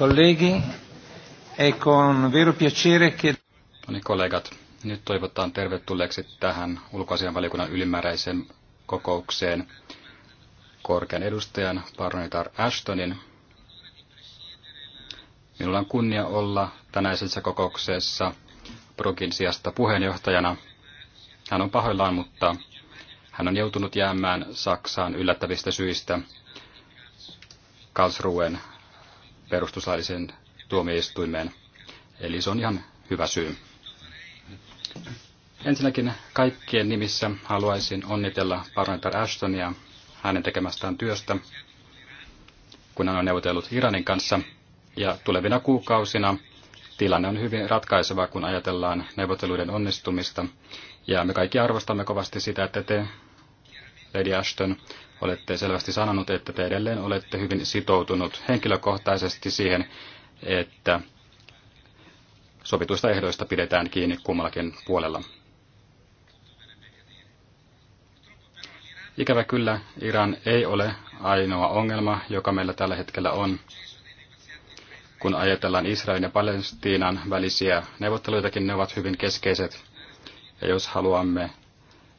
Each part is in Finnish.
Kollegi, è con vero piacere che... No niin, kollegat, nyt toivotan tervetulleeksi tähän ulkoasianvaliokunnan ylimääräiseen kokoukseen korkean edustajan Parnitar Ashtonin. Minulla on kunnia olla tänäisessä kokouksessa Brokin sijasta puheenjohtajana. Hän on pahoillaan, mutta hän on joutunut jäämään Saksaan yllättävistä syistä Karlsruen perustuslailliseen tuomioistuimeen. Eli se on ihan hyvä syy. Ensinnäkin kaikkien nimissä haluaisin onnitella parlamentar Ashtonia hänen tekemästään työstä, kun hän on neuvotellut Iranin kanssa. Ja tulevina kuukausina tilanne on hyvin ratkaiseva, kun ajatellaan neuvotteluiden onnistumista. Ja me kaikki arvostamme kovasti sitä, että te, Lady Ashton, Olette selvästi sanonut, että te edelleen olette hyvin sitoutunut henkilökohtaisesti siihen, että sovituista ehdoista pidetään kiinni kummallakin puolella. Ikävä kyllä, Iran ei ole ainoa ongelma, joka meillä tällä hetkellä on. Kun ajatellaan Israelin ja Palestiinan välisiä neuvotteluitakin, ne ovat hyvin keskeiset. Ja jos haluamme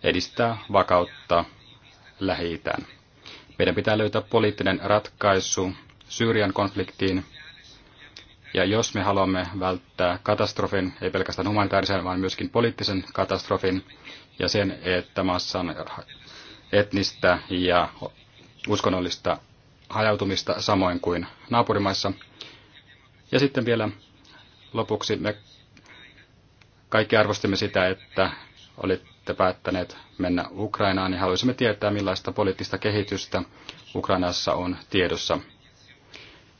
edistää vakautta lähi -Itään. Meidän pitää löytää poliittinen ratkaisu Syyrian konfliktiin, ja jos me haluamme välttää katastrofin, ei pelkästään humanitaarisen, vaan myöskin poliittisen katastrofin, ja sen, että maassa on etnistä ja uskonnollista hajautumista samoin kuin naapurimaissa. Ja sitten vielä lopuksi me kaikki arvostimme sitä, että olit olette päättäneet mennä Ukrainaan, niin haluaisimme tietää, millaista poliittista kehitystä Ukrainassa on tiedossa.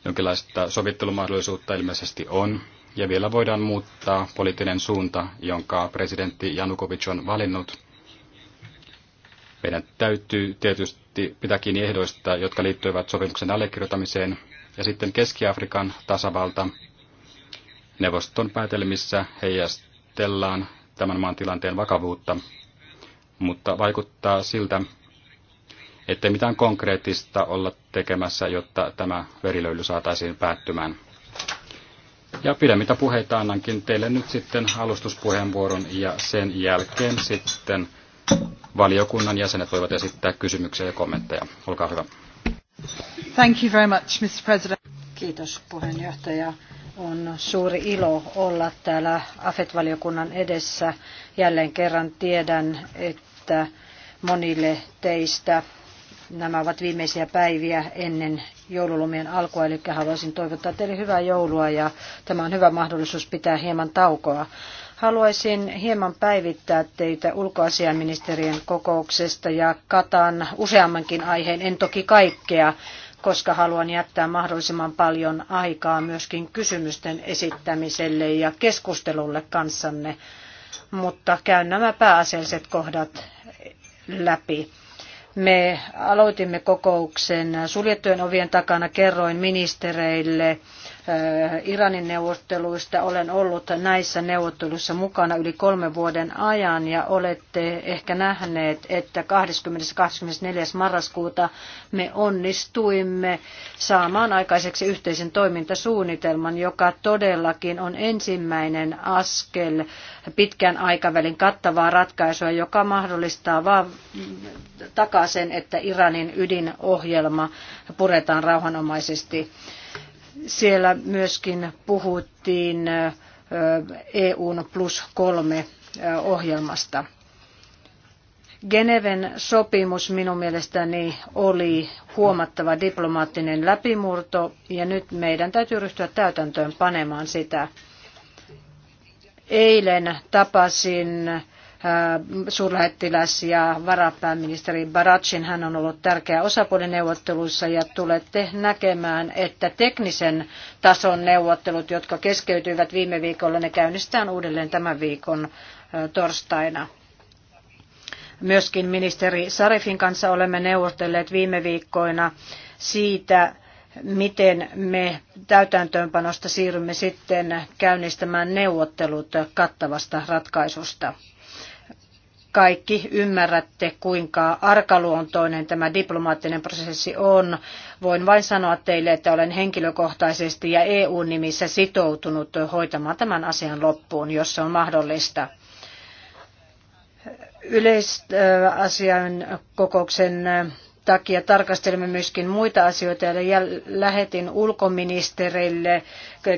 Jonkinlaista sovittelumahdollisuutta ilmeisesti on, ja vielä voidaan muuttaa poliittinen suunta, jonka presidentti Janukovic on valinnut. Meidän täytyy tietysti pitää kiinni ehdoista, jotka liittyvät sopimuksen allekirjoittamiseen, ja sitten Keski-Afrikan tasavalta. Neuvoston päätelmissä heijastellaan tämän maan tilanteen vakavuutta, mutta vaikuttaa siltä, ettei mitään konkreettista olla tekemässä, jotta tämä verilöyly saataisiin päättymään. Ja pidemmittä puheita annankin teille nyt sitten alustuspuheenvuoron ja sen jälkeen sitten valiokunnan jäsenet voivat esittää kysymyksiä ja kommentteja. Olkaa hyvä. Thank you very much, Mr. President. Kiitos puheenjohtaja. On suuri ilo olla täällä AFET-valiokunnan edessä. Jälleen kerran tiedän, että monille teistä nämä ovat viimeisiä päiviä ennen joululomien alkua, eli haluaisin toivottaa teille hyvää joulua ja tämä on hyvä mahdollisuus pitää hieman taukoa. Haluaisin hieman päivittää teitä ulkoasiaministerien kokouksesta ja katan useammankin aiheen, en toki kaikkea, koska haluan jättää mahdollisimman paljon aikaa myöskin kysymysten esittämiselle ja keskustelulle kanssanne, mutta käyn nämä pääasialliset kohdat läpi. Me aloitimme kokouksen suljettujen ovien takana, kerroin ministereille Äh, Iranin neuvotteluista. Olen ollut näissä neuvotteluissa mukana yli kolme vuoden ajan ja olette ehkä nähneet, että 20.24. marraskuuta me onnistuimme saamaan aikaiseksi yhteisen toimintasuunnitelman, joka todellakin on ensimmäinen askel pitkän aikavälin kattavaa ratkaisua, joka mahdollistaa vaan takaa sen, että Iranin ydinohjelma puretaan rauhanomaisesti. Siellä myöskin puhuttiin EUn plus kolme ohjelmasta. Geneven sopimus minun mielestäni oli huomattava diplomaattinen läpimurto ja nyt meidän täytyy ryhtyä täytäntöön panemaan sitä. Eilen tapasin Äh, suurlähettiläs ja varapääministeri Baracin. Hän on ollut tärkeä osapuoli neuvotteluissa ja tulette näkemään, että teknisen tason neuvottelut, jotka keskeytyivät viime viikolla, ne käynnistetään uudelleen tämän viikon äh, torstaina. Myöskin ministeri Sarifin kanssa olemme neuvotelleet viime viikkoina siitä, miten me täytäntöönpanosta siirrymme sitten käynnistämään neuvottelut kattavasta ratkaisusta kaikki ymmärrätte, kuinka arkaluontoinen tämä diplomaattinen prosessi on. Voin vain sanoa teille, että olen henkilökohtaisesti ja EU-nimissä sitoutunut hoitamaan tämän asian loppuun, jos se on mahdollista. Yleisasian kokouksen takia tarkastelemme myöskin muita asioita ja lähetin ulkoministerille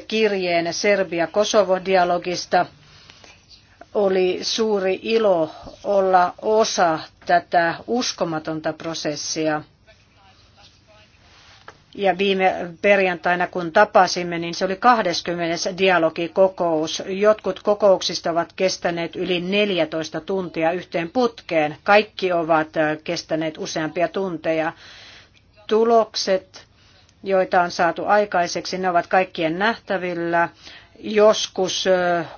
kirjeen Serbia-Kosovo-dialogista – oli suuri ilo olla osa tätä uskomatonta prosessia. Ja viime perjantaina, kun tapasimme, niin se oli 20. dialogikokous. Jotkut kokouksista ovat kestäneet yli 14 tuntia yhteen putkeen. Kaikki ovat kestäneet useampia tunteja. Tulokset, joita on saatu aikaiseksi, ne ovat kaikkien nähtävillä Joskus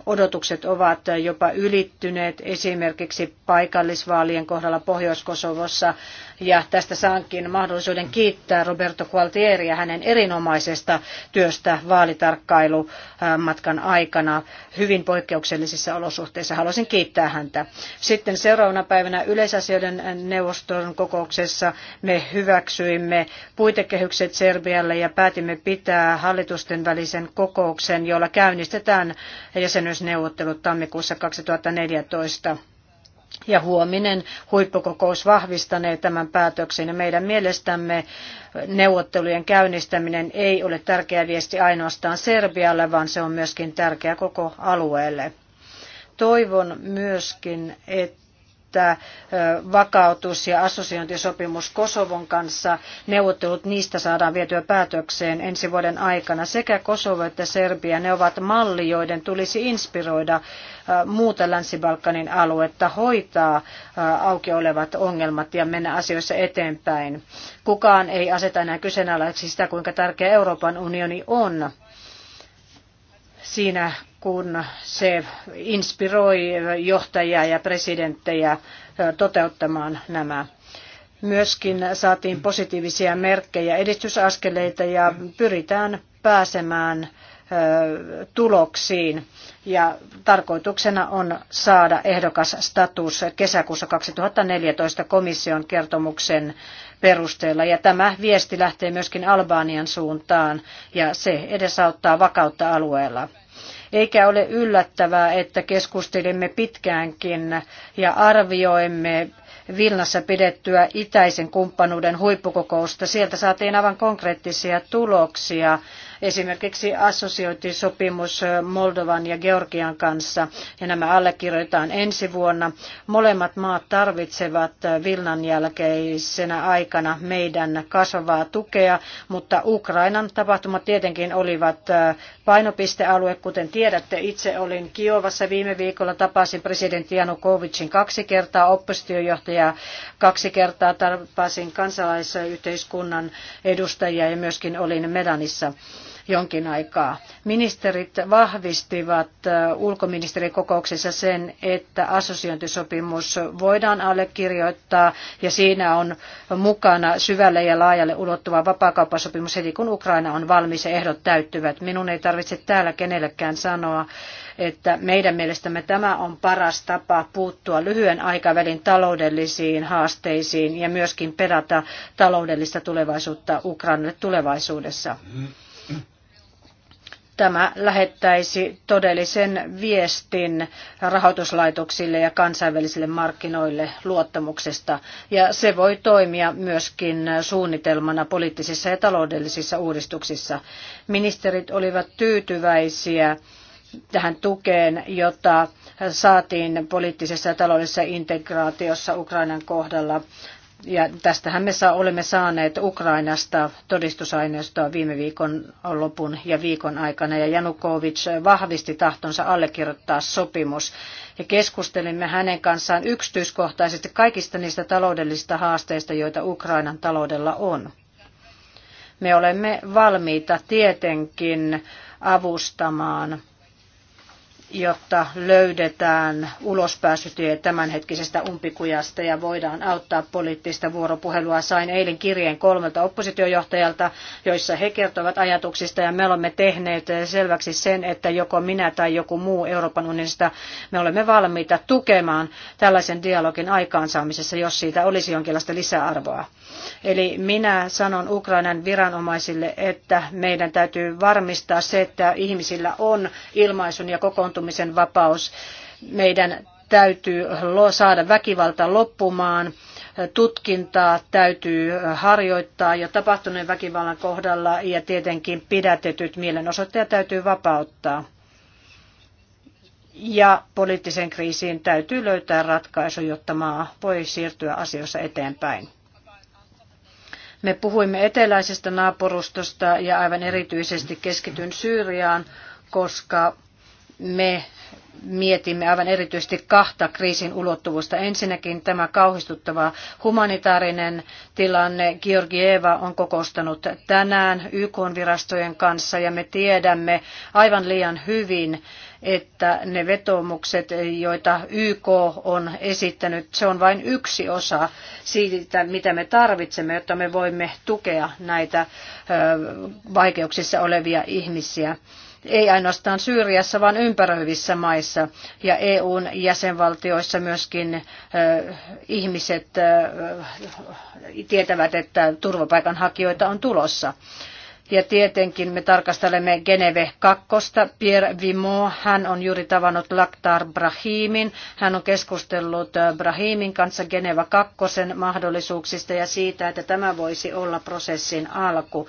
odotukset ovat jopa ylittyneet esimerkiksi paikallisvaalien kohdalla Pohjois-Kosovossa ja tästä saankin mahdollisuuden kiittää Roberto Gualtieria hänen erinomaisesta työstä vaalitarkkailumatkan aikana hyvin poikkeuksellisissa olosuhteissa. Haluaisin kiittää häntä. Sitten seuraavana päivänä yleisasioiden neuvoston kokouksessa me hyväksyimme puitekehykset Serbialle ja päätimme pitää hallitusten välisen kokouksen, jolla käynnistetään jäsenyysneuvottelut tammikuussa 2014 ja huominen huippukokous vahvistanee tämän päätöksen ja meidän mielestämme neuvottelujen käynnistäminen ei ole tärkeä viesti ainoastaan Serbialle, vaan se on myöskin tärkeä koko alueelle. Toivon myöskin, että tämä vakautus- ja assosiointisopimus Kosovon kanssa. Neuvottelut niistä saadaan vietyä päätökseen ensi vuoden aikana. Sekä Kosovo että Serbia, ne ovat malli, joiden tulisi inspiroida muuta Länsi-Balkanin aluetta hoitaa auki olevat ongelmat ja mennä asioissa eteenpäin. Kukaan ei aseta enää kyseenalaiseksi sitä, kuinka tärkeä Euroopan unioni on siinä, kun se inspiroi johtajia ja presidenttejä toteuttamaan nämä myöskin saatiin positiivisia merkkejä, edistysaskeleita ja pyritään pääsemään tuloksiin. Ja tarkoituksena on saada ehdokas status kesäkuussa 2014 komission kertomuksen perusteella. Ja tämä viesti lähtee myöskin Albanian suuntaan ja se edesauttaa vakautta alueella. Eikä ole yllättävää, että keskustelimme pitkäänkin ja arvioimme Vilnassa pidettyä itäisen kumppanuuden huippukokousta. Sieltä saatiin aivan konkreettisia tuloksia Esimerkiksi assosiointisopimus Moldovan ja Georgian kanssa, ja nämä allekirjoitetaan ensi vuonna. Molemmat maat tarvitsevat Vilnan jälkeisenä aikana meidän kasvavaa tukea, mutta Ukrainan tapahtumat tietenkin olivat painopistealue. Kuten tiedätte, itse olin Kiovassa viime viikolla, tapasin presidentti Janukovicin kaksi kertaa, oppositiojohtaja kaksi kertaa, tapasin kansalaisyhteiskunnan edustajia ja myöskin olin Medanissa jonkin aikaa. Ministerit vahvistivat ulkoministerikokouksessa sen, että assosiointisopimus voidaan allekirjoittaa ja siinä on mukana syvälle ja laajalle ulottuva vapaakauppasopimus heti kun Ukraina on valmis ja ehdot täyttyvät. Minun ei tarvitse täällä kenellekään sanoa, että meidän mielestämme tämä on paras tapa puuttua lyhyen aikavälin taloudellisiin haasteisiin ja myöskin perata taloudellista tulevaisuutta Ukrainalle tulevaisuudessa. Mm-hmm. Tämä lähettäisi todellisen viestin rahoituslaitoksille ja kansainvälisille markkinoille luottamuksesta. Ja se voi toimia myöskin suunnitelmana poliittisissa ja taloudellisissa uudistuksissa. Ministerit olivat tyytyväisiä tähän tukeen, jota saatiin poliittisessa ja taloudellisessa integraatiossa Ukrainan kohdalla ja tästähän me saa, olemme saaneet Ukrainasta todistusaineistoa viime viikon lopun ja viikon aikana. Ja Janukovic vahvisti tahtonsa allekirjoittaa sopimus. Ja keskustelimme hänen kanssaan yksityiskohtaisesti kaikista niistä taloudellisista haasteista, joita Ukrainan taloudella on. Me olemme valmiita tietenkin avustamaan jotta löydetään ulospääsytyö tämänhetkisestä umpikujasta ja voidaan auttaa poliittista vuoropuhelua. Sain eilen kirjeen kolmelta oppositiojohtajalta, joissa he kertovat ajatuksista ja me olemme tehneet selväksi sen, että joko minä tai joku muu Euroopan unionista me olemme valmiita tukemaan tällaisen dialogin aikaansaamisessa, jos siitä olisi jonkinlaista lisäarvoa. Eli minä sanon Ukrainan viranomaisille, että meidän täytyy varmistaa se, että ihmisillä on ilmaisun ja kokoontumisen kokoontumisen vapaus. Meidän täytyy saada väkivalta loppumaan tutkintaa täytyy harjoittaa jo tapahtuneen väkivallan kohdalla ja tietenkin pidätetyt mielenosoittajat täytyy vapauttaa. Ja poliittiseen kriisiin täytyy löytää ratkaisu, jotta maa voi siirtyä asioissa eteenpäin. Me puhuimme eteläisestä naapurustosta ja aivan erityisesti keskityn Syyriaan, koska me mietimme aivan erityisesti kahta kriisin ulottuvuutta. Ensinnäkin tämä kauhistuttava humanitaarinen tilanne. Georgieva on kokoustanut tänään YK-virastojen kanssa ja me tiedämme aivan liian hyvin, että ne vetoomukset, joita YK on esittänyt, se on vain yksi osa siitä, mitä me tarvitsemme, jotta me voimme tukea näitä vaikeuksissa olevia ihmisiä ei ainoastaan Syyriassa, vaan ympäröivissä maissa ja EUn jäsenvaltioissa myöskin ihmiset tietävät, että turvapaikanhakijoita on tulossa. Ja tietenkin me tarkastelemme Geneve 2. Pierre Vimon, hän on juuri tavannut Laktar Brahimin. Hän on keskustellut Brahimin kanssa Geneva 2 mahdollisuuksista ja siitä, että tämä voisi olla prosessin alku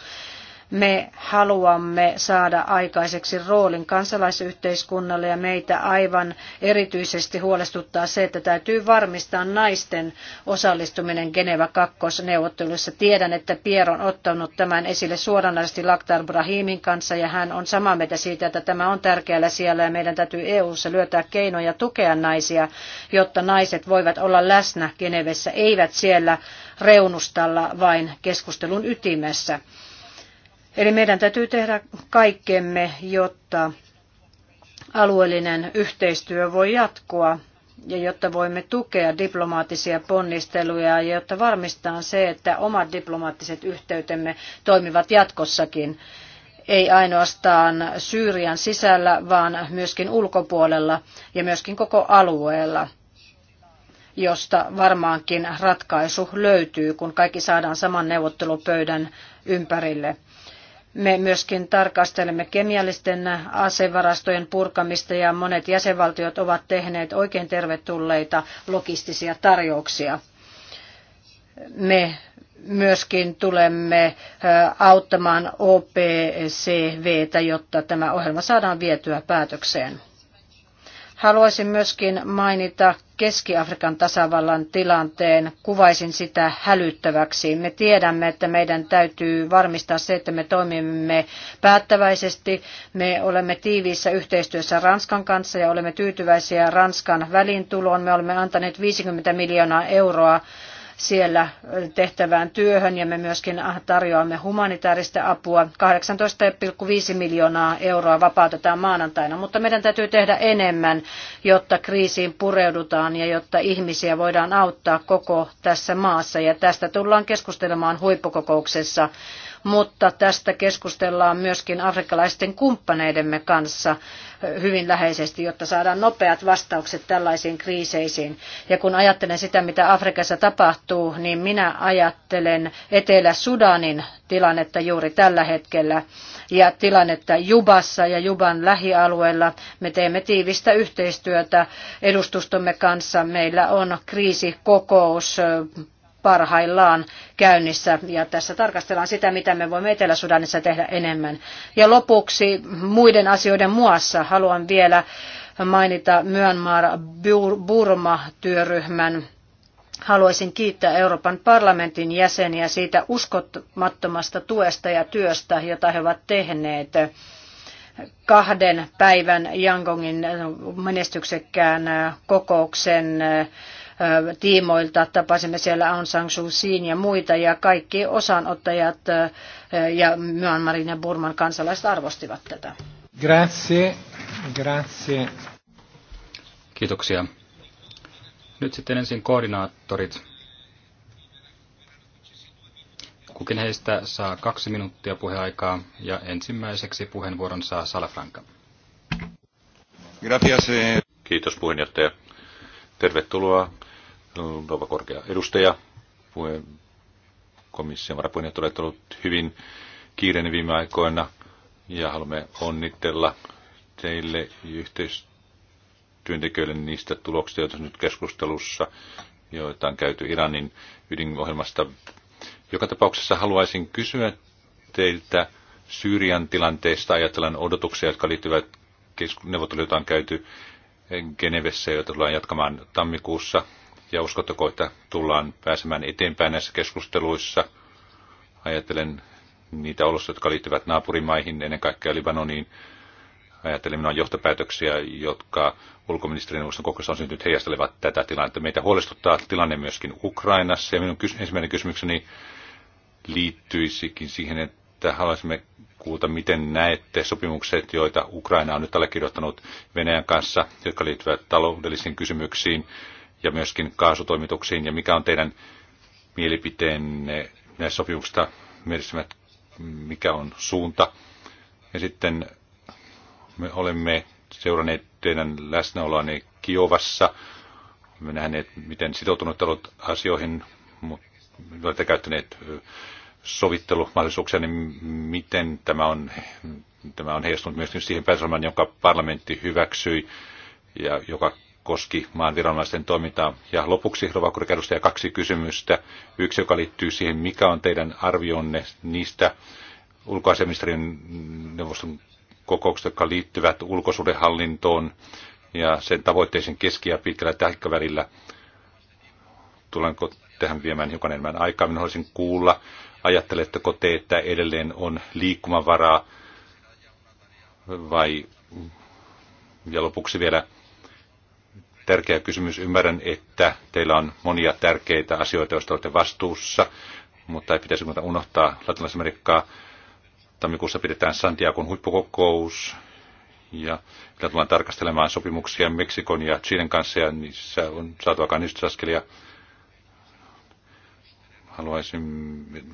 me haluamme saada aikaiseksi roolin kansalaisyhteiskunnalle ja meitä aivan erityisesti huolestuttaa se, että täytyy varmistaa naisten osallistuminen Geneva 2 neuvotteluissa. Tiedän, että Pierre on ottanut tämän esille suoranaisesti Laktar Brahimin kanssa ja hän on samaa mieltä siitä, että tämä on tärkeällä siellä ja meidän täytyy EU-ssa löytää keinoja tukea naisia, jotta naiset voivat olla läsnä Genevessä, eivät siellä reunustalla vain keskustelun ytimessä. Eli meidän täytyy tehdä kaikkemme, jotta alueellinen yhteistyö voi jatkua ja jotta voimme tukea diplomaattisia ponnisteluja ja jotta varmistaan se, että omat diplomaattiset yhteytemme toimivat jatkossakin, ei ainoastaan Syyrian sisällä, vaan myöskin ulkopuolella ja myöskin koko alueella josta varmaankin ratkaisu löytyy, kun kaikki saadaan saman neuvottelupöydän ympärille. Me myöskin tarkastelemme kemiallisten asevarastojen purkamista ja monet jäsenvaltiot ovat tehneet oikein tervetulleita logistisia tarjouksia. Me myöskin tulemme auttamaan OPCVtä, jotta tämä ohjelma saadaan vietyä päätökseen. Haluaisin myöskin mainita Keski-Afrikan tasavallan tilanteen. Kuvaisin sitä hälyttäväksi. Me tiedämme, että meidän täytyy varmistaa se, että me toimimme päättäväisesti. Me olemme tiiviissä yhteistyössä Ranskan kanssa ja olemme tyytyväisiä Ranskan välintuloon. Me olemme antaneet 50 miljoonaa euroa siellä tehtävään työhön ja me myöskin tarjoamme humanitaarista apua. 18,5 miljoonaa euroa vapautetaan maanantaina, mutta meidän täytyy tehdä enemmän, jotta kriisiin pureudutaan ja jotta ihmisiä voidaan auttaa koko tässä maassa. Ja tästä tullaan keskustelemaan huippukokouksessa mutta tästä keskustellaan myöskin afrikkalaisten kumppaneidemme kanssa hyvin läheisesti, jotta saadaan nopeat vastaukset tällaisiin kriiseisiin. Ja kun ajattelen sitä, mitä Afrikassa tapahtuu, niin minä ajattelen Etelä-Sudanin tilannetta juuri tällä hetkellä ja tilannetta Jubassa ja Juban lähialueella. Me teemme tiivistä yhteistyötä edustustomme kanssa. Meillä on kriisikokous parhaillaan käynnissä ja tässä tarkastellaan sitä, mitä me voimme Etelä-Sudanissa tehdä enemmän. Ja lopuksi muiden asioiden muassa haluan vielä mainita Myanmar-Burma-työryhmän. Haluaisin kiittää Euroopan parlamentin jäseniä siitä uskomattomasta tuesta ja työstä, jota he ovat tehneet kahden päivän Yangongin menestyksekkään kokouksen tiimoilta. Tapasimme siellä Aung San Suu ja muita ja kaikki osanottajat ja Myanmarin ja Burman kansalaiset arvostivat tätä. Grazie, grazie. Kiitoksia. Nyt sitten ensin koordinaattorit. Kukin heistä saa kaksi minuuttia puheaikaa ja ensimmäiseksi puheenvuoron saa Salafranca. Eh. Kiitos puheenjohtaja. Tervetuloa rouva korkea edustaja, puhe, komission varapuheenjohtaja, olet ollut hyvin kiireinen viime aikoina ja haluamme onnitella teille yhteistyöntekijöille niistä tuloksista, joita nyt keskustelussa, joita on käyty Iranin ydinohjelmasta. Joka tapauksessa haluaisin kysyä teiltä Syyrian tilanteesta ajatellaan odotuksia, jotka liittyvät neuvotteluita on käyty Genevessä, joita tullaan jatkamaan tammikuussa ja uskotteko, että tullaan pääsemään eteenpäin näissä keskusteluissa? Ajattelen niitä olosuhteita, jotka liittyvät naapurimaihin, ennen kaikkea Libanoniin. Ajattelen minua johtopäätöksiä, jotka ulkoministerin neuvoston kokouksessa on syntynyt heijastelevat tätä tilannetta. Meitä huolestuttaa tilanne myöskin Ukrainassa ja minun ensimmäinen kysymykseni liittyisikin siihen, että haluaisimme kuulta, miten näette sopimukset, joita Ukraina on nyt allekirjoittanut Venäjän kanssa, jotka liittyvät taloudellisiin kysymyksiin ja myöskin kaasutoimituksiin, ja mikä on teidän mielipiteenne näissä sopimuksista, mikä on suunta. Ja sitten me olemme seuranneet teidän läsnäoloanne Kiovassa, me nähneet, miten sitoutunut olet asioihin, mutta olette käyttäneet sovittelumahdollisuuksia, niin miten tämä on, tämä on heijastunut myös siihen päätelmään, jonka parlamentti hyväksyi ja joka koski maan viranomaisten toimintaa. Ja lopuksi, Rova Korkeudustaja, kaksi kysymystä. Yksi, joka liittyy siihen, mikä on teidän arvionne niistä ulkoasiaministeriön neuvoston kokouksista, jotka liittyvät ulkosuhdehallintoon ja sen tavoitteisen keski- ja pitkällä tähkävälillä. Tulenko tähän viemään hiukan enemmän aikaa? Minä haluaisin kuulla, ajatteletteko te, että edelleen on liikkumavaraa vai ja lopuksi vielä tärkeä kysymys. Ymmärrän, että teillä on monia tärkeitä asioita, joista olette vastuussa, mutta ei pitäisi unohtaa Latinalais-Amerikkaa. Tammikuussa pidetään Santiagon huippukokous ja niillä tullaan tarkastelemaan sopimuksia Meksikon ja Chilen kanssa ja niissä on saatu aikaan edistysaskelia. Haluaisin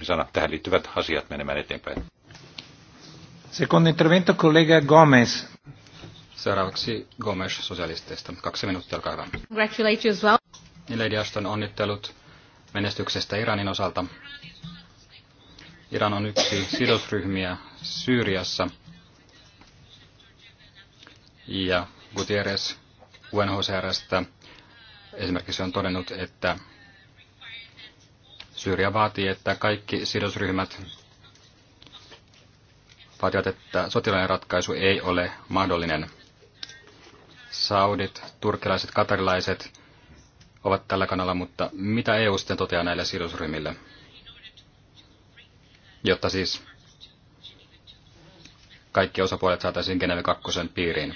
sanoa tähän liittyvät asiat menemään eteenpäin. Secondo intervento collega Gomez. Seuraavaksi Gomes sosialisteista. Kaksi minuuttia, olkaa hyvä. Congratulate you as well. Lady Ashton, onnittelut menestyksestä Iranin osalta. Iran on yksi sidosryhmiä Syyriassa. Ja Gutierrez UNHCRstä esimerkiksi on todennut, että Syyria vaatii, että kaikki sidosryhmät vaativat, että sotilainen ratkaisu ei ole mahdollinen – saudit, turkilaiset, katarilaiset ovat tällä kanalla, mutta mitä EU sitten toteaa näille sidosryhmille? Jotta siis kaikki osapuolet saataisiin Geneve 2 piiriin.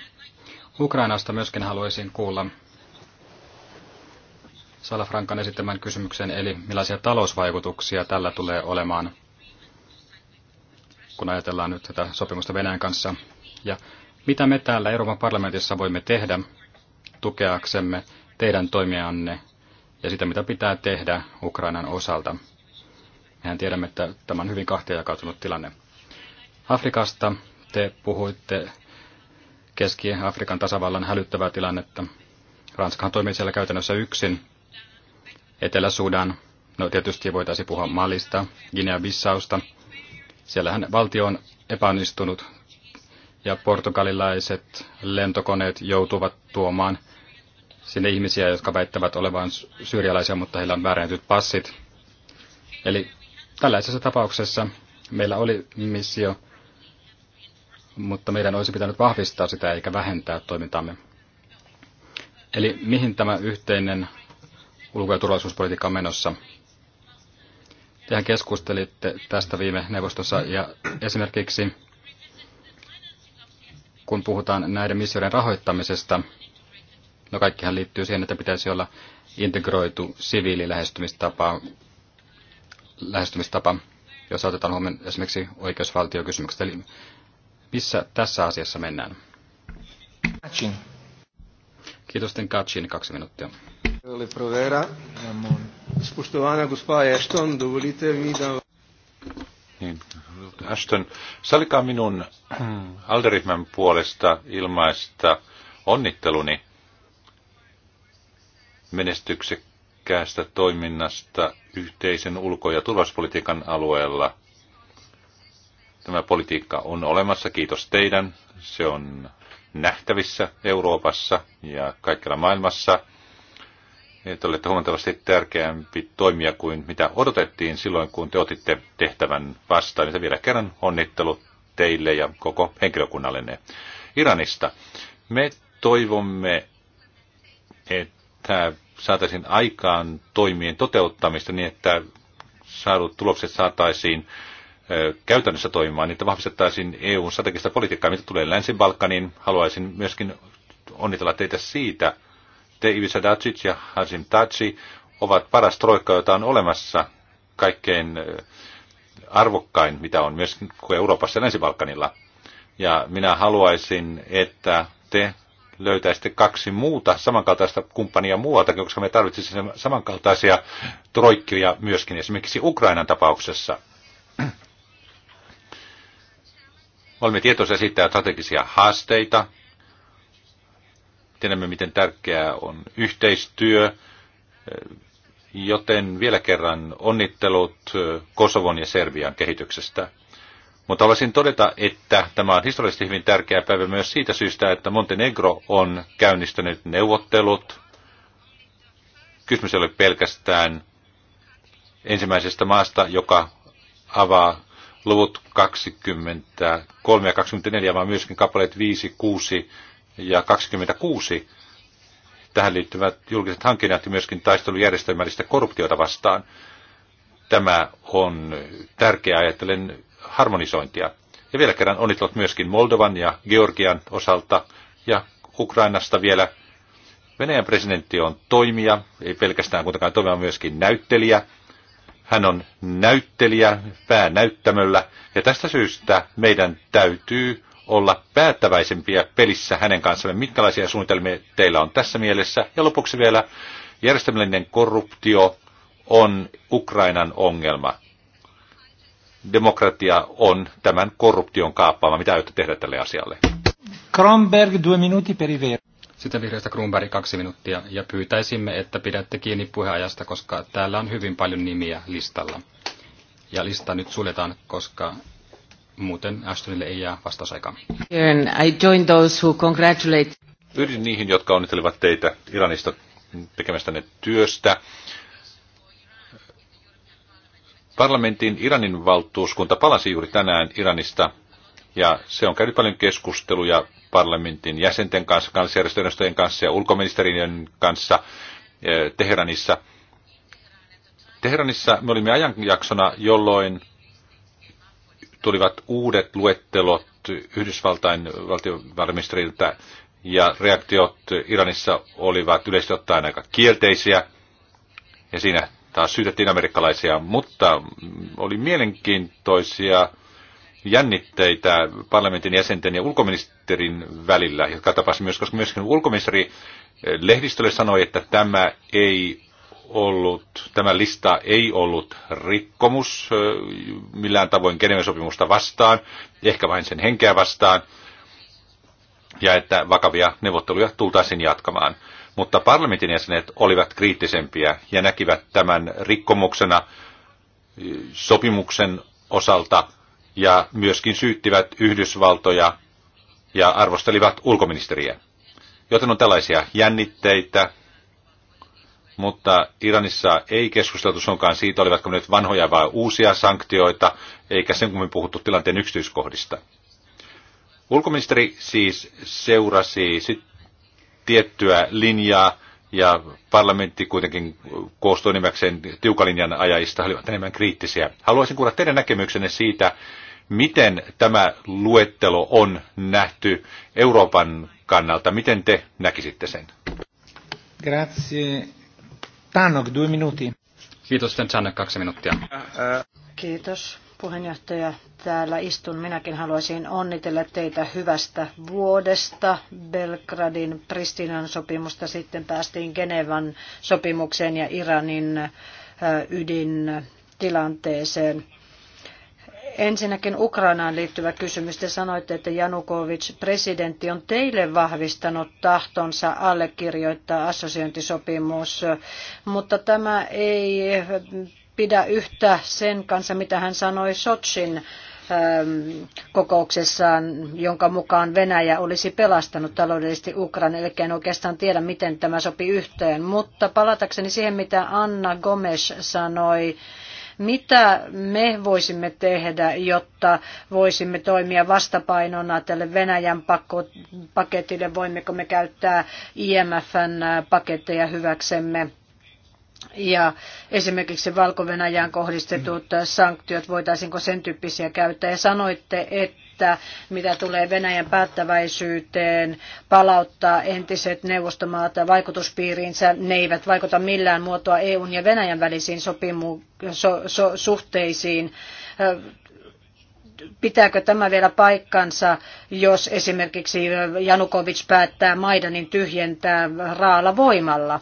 Ukrainasta myöskin haluaisin kuulla Salafrankan esittämän kysymyksen, eli millaisia talousvaikutuksia tällä tulee olemaan, kun ajatellaan nyt tätä sopimusta Venäjän kanssa. Ja mitä me täällä Euroopan parlamentissa voimme tehdä tukeaksemme teidän toimianne ja sitä, mitä pitää tehdä Ukrainan osalta? Mehän tiedämme, että tämä on hyvin kahtiajakautunut tilanne. Afrikasta te puhuitte Keski-Afrikan tasavallan hälyttävää tilannetta. Ranskahan toimii siellä käytännössä yksin. Etelä-Sudan, no tietysti voitaisiin puhua Malista, Guinea-Bissausta. Siellähän valtio on epäonnistunut ja portugalilaiset lentokoneet joutuvat tuomaan sinne ihmisiä, jotka väittävät olevan syyrialaisia, mutta heillä on väärennetyt passit. Eli tällaisessa tapauksessa meillä oli missio, mutta meidän olisi pitänyt vahvistaa sitä eikä vähentää toimintamme. Eli mihin tämä yhteinen ulko- ja turvallisuuspolitiikka on menossa? Tehän keskustelitte tästä viime neuvostossa ja esimerkiksi kun puhutaan näiden missioiden rahoittamisesta, no kaikkihan liittyy siihen, että pitäisi olla integroitu siviililähestymistapa, lähestymistapa, jos otetaan huomioon esimerkiksi oikeusvaltiokysymykset. Eli missä tässä asiassa mennään? Kachin. Kiitos, Ten katsin kaksi minuuttia. Niin, Ashton, salikaa minun alderihmän puolesta ilmaista onnitteluni menestyksekkäästä toiminnasta yhteisen ulko- ja turvallisuuspolitiikan alueella. Tämä politiikka on olemassa, kiitos teidän. Se on nähtävissä Euroopassa ja kaikkialla maailmassa niin te olette huomattavasti tärkeämpi toimija kuin mitä odotettiin silloin, kun te otitte tehtävän vastaan. Ja niin vielä kerran onnittelu teille ja koko henkilökunnallenne Iranista. Me toivomme, että saataisiin aikaan toimien toteuttamista niin, että saadut tulokset saataisiin käytännössä toimimaan, niin että vahvistettaisiin EUn strategista politiikkaa, mitä tulee Länsi-Balkaniin. Haluaisin myöskin onnitella teitä siitä, Teivi Sadacic ja Hasim Taci ovat paras troikka, jota on olemassa kaikkein arvokkain, mitä on myös Euroopassa ja Länsi-Balkanilla. Ja minä haluaisin, että te löytäisitte kaksi muuta samankaltaista kumppania muualta, koska me tarvitsisimme samankaltaisia troikkia myöskin esimerkiksi Ukrainan tapauksessa. Olemme tietoisia siitä, että strategisia haasteita Tiedämme, miten tärkeää on yhteistyö, joten vielä kerran onnittelut Kosovon ja Serbian kehityksestä. Mutta haluaisin todeta, että tämä on historiallisesti hyvin tärkeä päivä myös siitä syystä, että Montenegro on käynnistänyt neuvottelut. Kysymys ei ole pelkästään ensimmäisestä maasta, joka avaa luvut 23 ja 24, vaan myöskin kappaleet 5, 6 ja 26 tähän liittyvät julkiset hankinnat ja myöskin taistelujärjestelmällistä korruptiota vastaan. Tämä on tärkeää ajatellen harmonisointia. Ja vielä kerran onnittelut myöskin Moldovan ja Georgian osalta ja Ukrainasta vielä. Venäjän presidentti on toimija, ei pelkästään kuitenkaan toimija, myöskin näyttelijä. Hän on näyttelijä päänäyttämöllä ja tästä syystä meidän täytyy olla päättäväisempiä pelissä hänen kanssaan. Mitkälaisia suunnitelmia teillä on tässä mielessä? Ja lopuksi vielä järjestelmällinen korruptio on Ukrainan ongelma. Demokratia on tämän korruption kaappaama. Mitä aiotte tehdä tälle asialle? Kronberg, due minuti per Ivero. Sitten vihreästä Kronberg kaksi minuuttia ja pyytäisimme, että pidätte kiinni puheajasta, koska täällä on hyvin paljon nimiä listalla. Ja lista nyt suljetaan, koska Muuten Ashtonille ei jää vastausaikaa. I join those who congratulate. Yhdyn niihin, jotka onnittelivat teitä Iranista tekemästänne työstä. Parlamentin Iranin valtuuskunta palasi juuri tänään Iranista ja se on käynyt paljon keskusteluja parlamentin jäsenten kanssa, kansanjärjestöjen kanssa ja ulkoministeriön kanssa eh, Teheranissa. Teheranissa me olimme ajanjaksona, jolloin tulivat uudet luettelot Yhdysvaltain valtiovarainministeriltä ja reaktiot Iranissa olivat yleisesti ottaen aika kielteisiä. Ja siinä taas syytettiin amerikkalaisia, mutta oli mielenkiintoisia jännitteitä parlamentin jäsenten ja ulkoministerin välillä, jotka tapasivat myös, koska myöskin ulkoministeri lehdistölle sanoi, että tämä ei ollut, tämä lista ei ollut rikkomus millään tavoin Geneven sopimusta vastaan, ehkä vain sen henkeä vastaan, ja että vakavia neuvotteluja tultaisiin jatkamaan. Mutta parlamentin jäsenet olivat kriittisempiä ja näkivät tämän rikkomuksena sopimuksen osalta ja myöskin syyttivät Yhdysvaltoja ja arvostelivat ulkoministeriä. Joten on tällaisia jännitteitä, mutta Iranissa ei keskusteltu sunkaan siitä, olivatko nyt vanhoja vai uusia sanktioita, eikä sen kummin puhuttu tilanteen yksityiskohdista. Ulkoministeri siis seurasi sit tiettyä linjaa, ja parlamentti kuitenkin koostui nimekseen tiukalinjan ajajista, olivat enemmän kriittisiä. Haluaisin kuulla teidän näkemyksenne siitä, miten tämä luettelo on nähty Euroopan kannalta. Miten te näkisitte sen? Grazie. Tannok, kaksi minuuttia. Kiitos, Tannok, kaksi minuuttia. Kiitos puheenjohtaja. Täällä istun. Minäkin haluaisin onnitella teitä hyvästä vuodesta. Belgradin Pristinan sopimusta sitten päästiin Genevan sopimukseen ja Iranin ydintilanteeseen. Ensinnäkin Ukrainaan liittyvä kysymys. Te sanoitte, että Janukovic presidentti on teille vahvistanut tahtonsa allekirjoittaa assosiointisopimus, mutta tämä ei pidä yhtä sen kanssa, mitä hän sanoi Sotsin ähm, kokouksessaan, jonka mukaan Venäjä olisi pelastanut taloudellisesti Ukraina, eli en oikeastaan tiedä, miten tämä sopii yhteen. Mutta palatakseni siihen, mitä Anna Gomes sanoi mitä me voisimme tehdä, jotta voisimme toimia vastapainona tälle Venäjän paketille? Voimmeko me käyttää IMFn paketteja hyväksemme? Ja esimerkiksi valko kohdistetut sanktiot, voitaisiinko sen tyyppisiä käyttää? Ja sanoitte, että että mitä tulee Venäjän päättäväisyyteen palauttaa entiset neuvostomaat vaikutuspiiriinsä, ne eivät vaikuta millään muotoa EUn ja Venäjän välisiin sopimu- so, so, suhteisiin pitääkö tämä vielä paikkansa, jos esimerkiksi Janukovic päättää Maidanin tyhjentää raalla voimalla?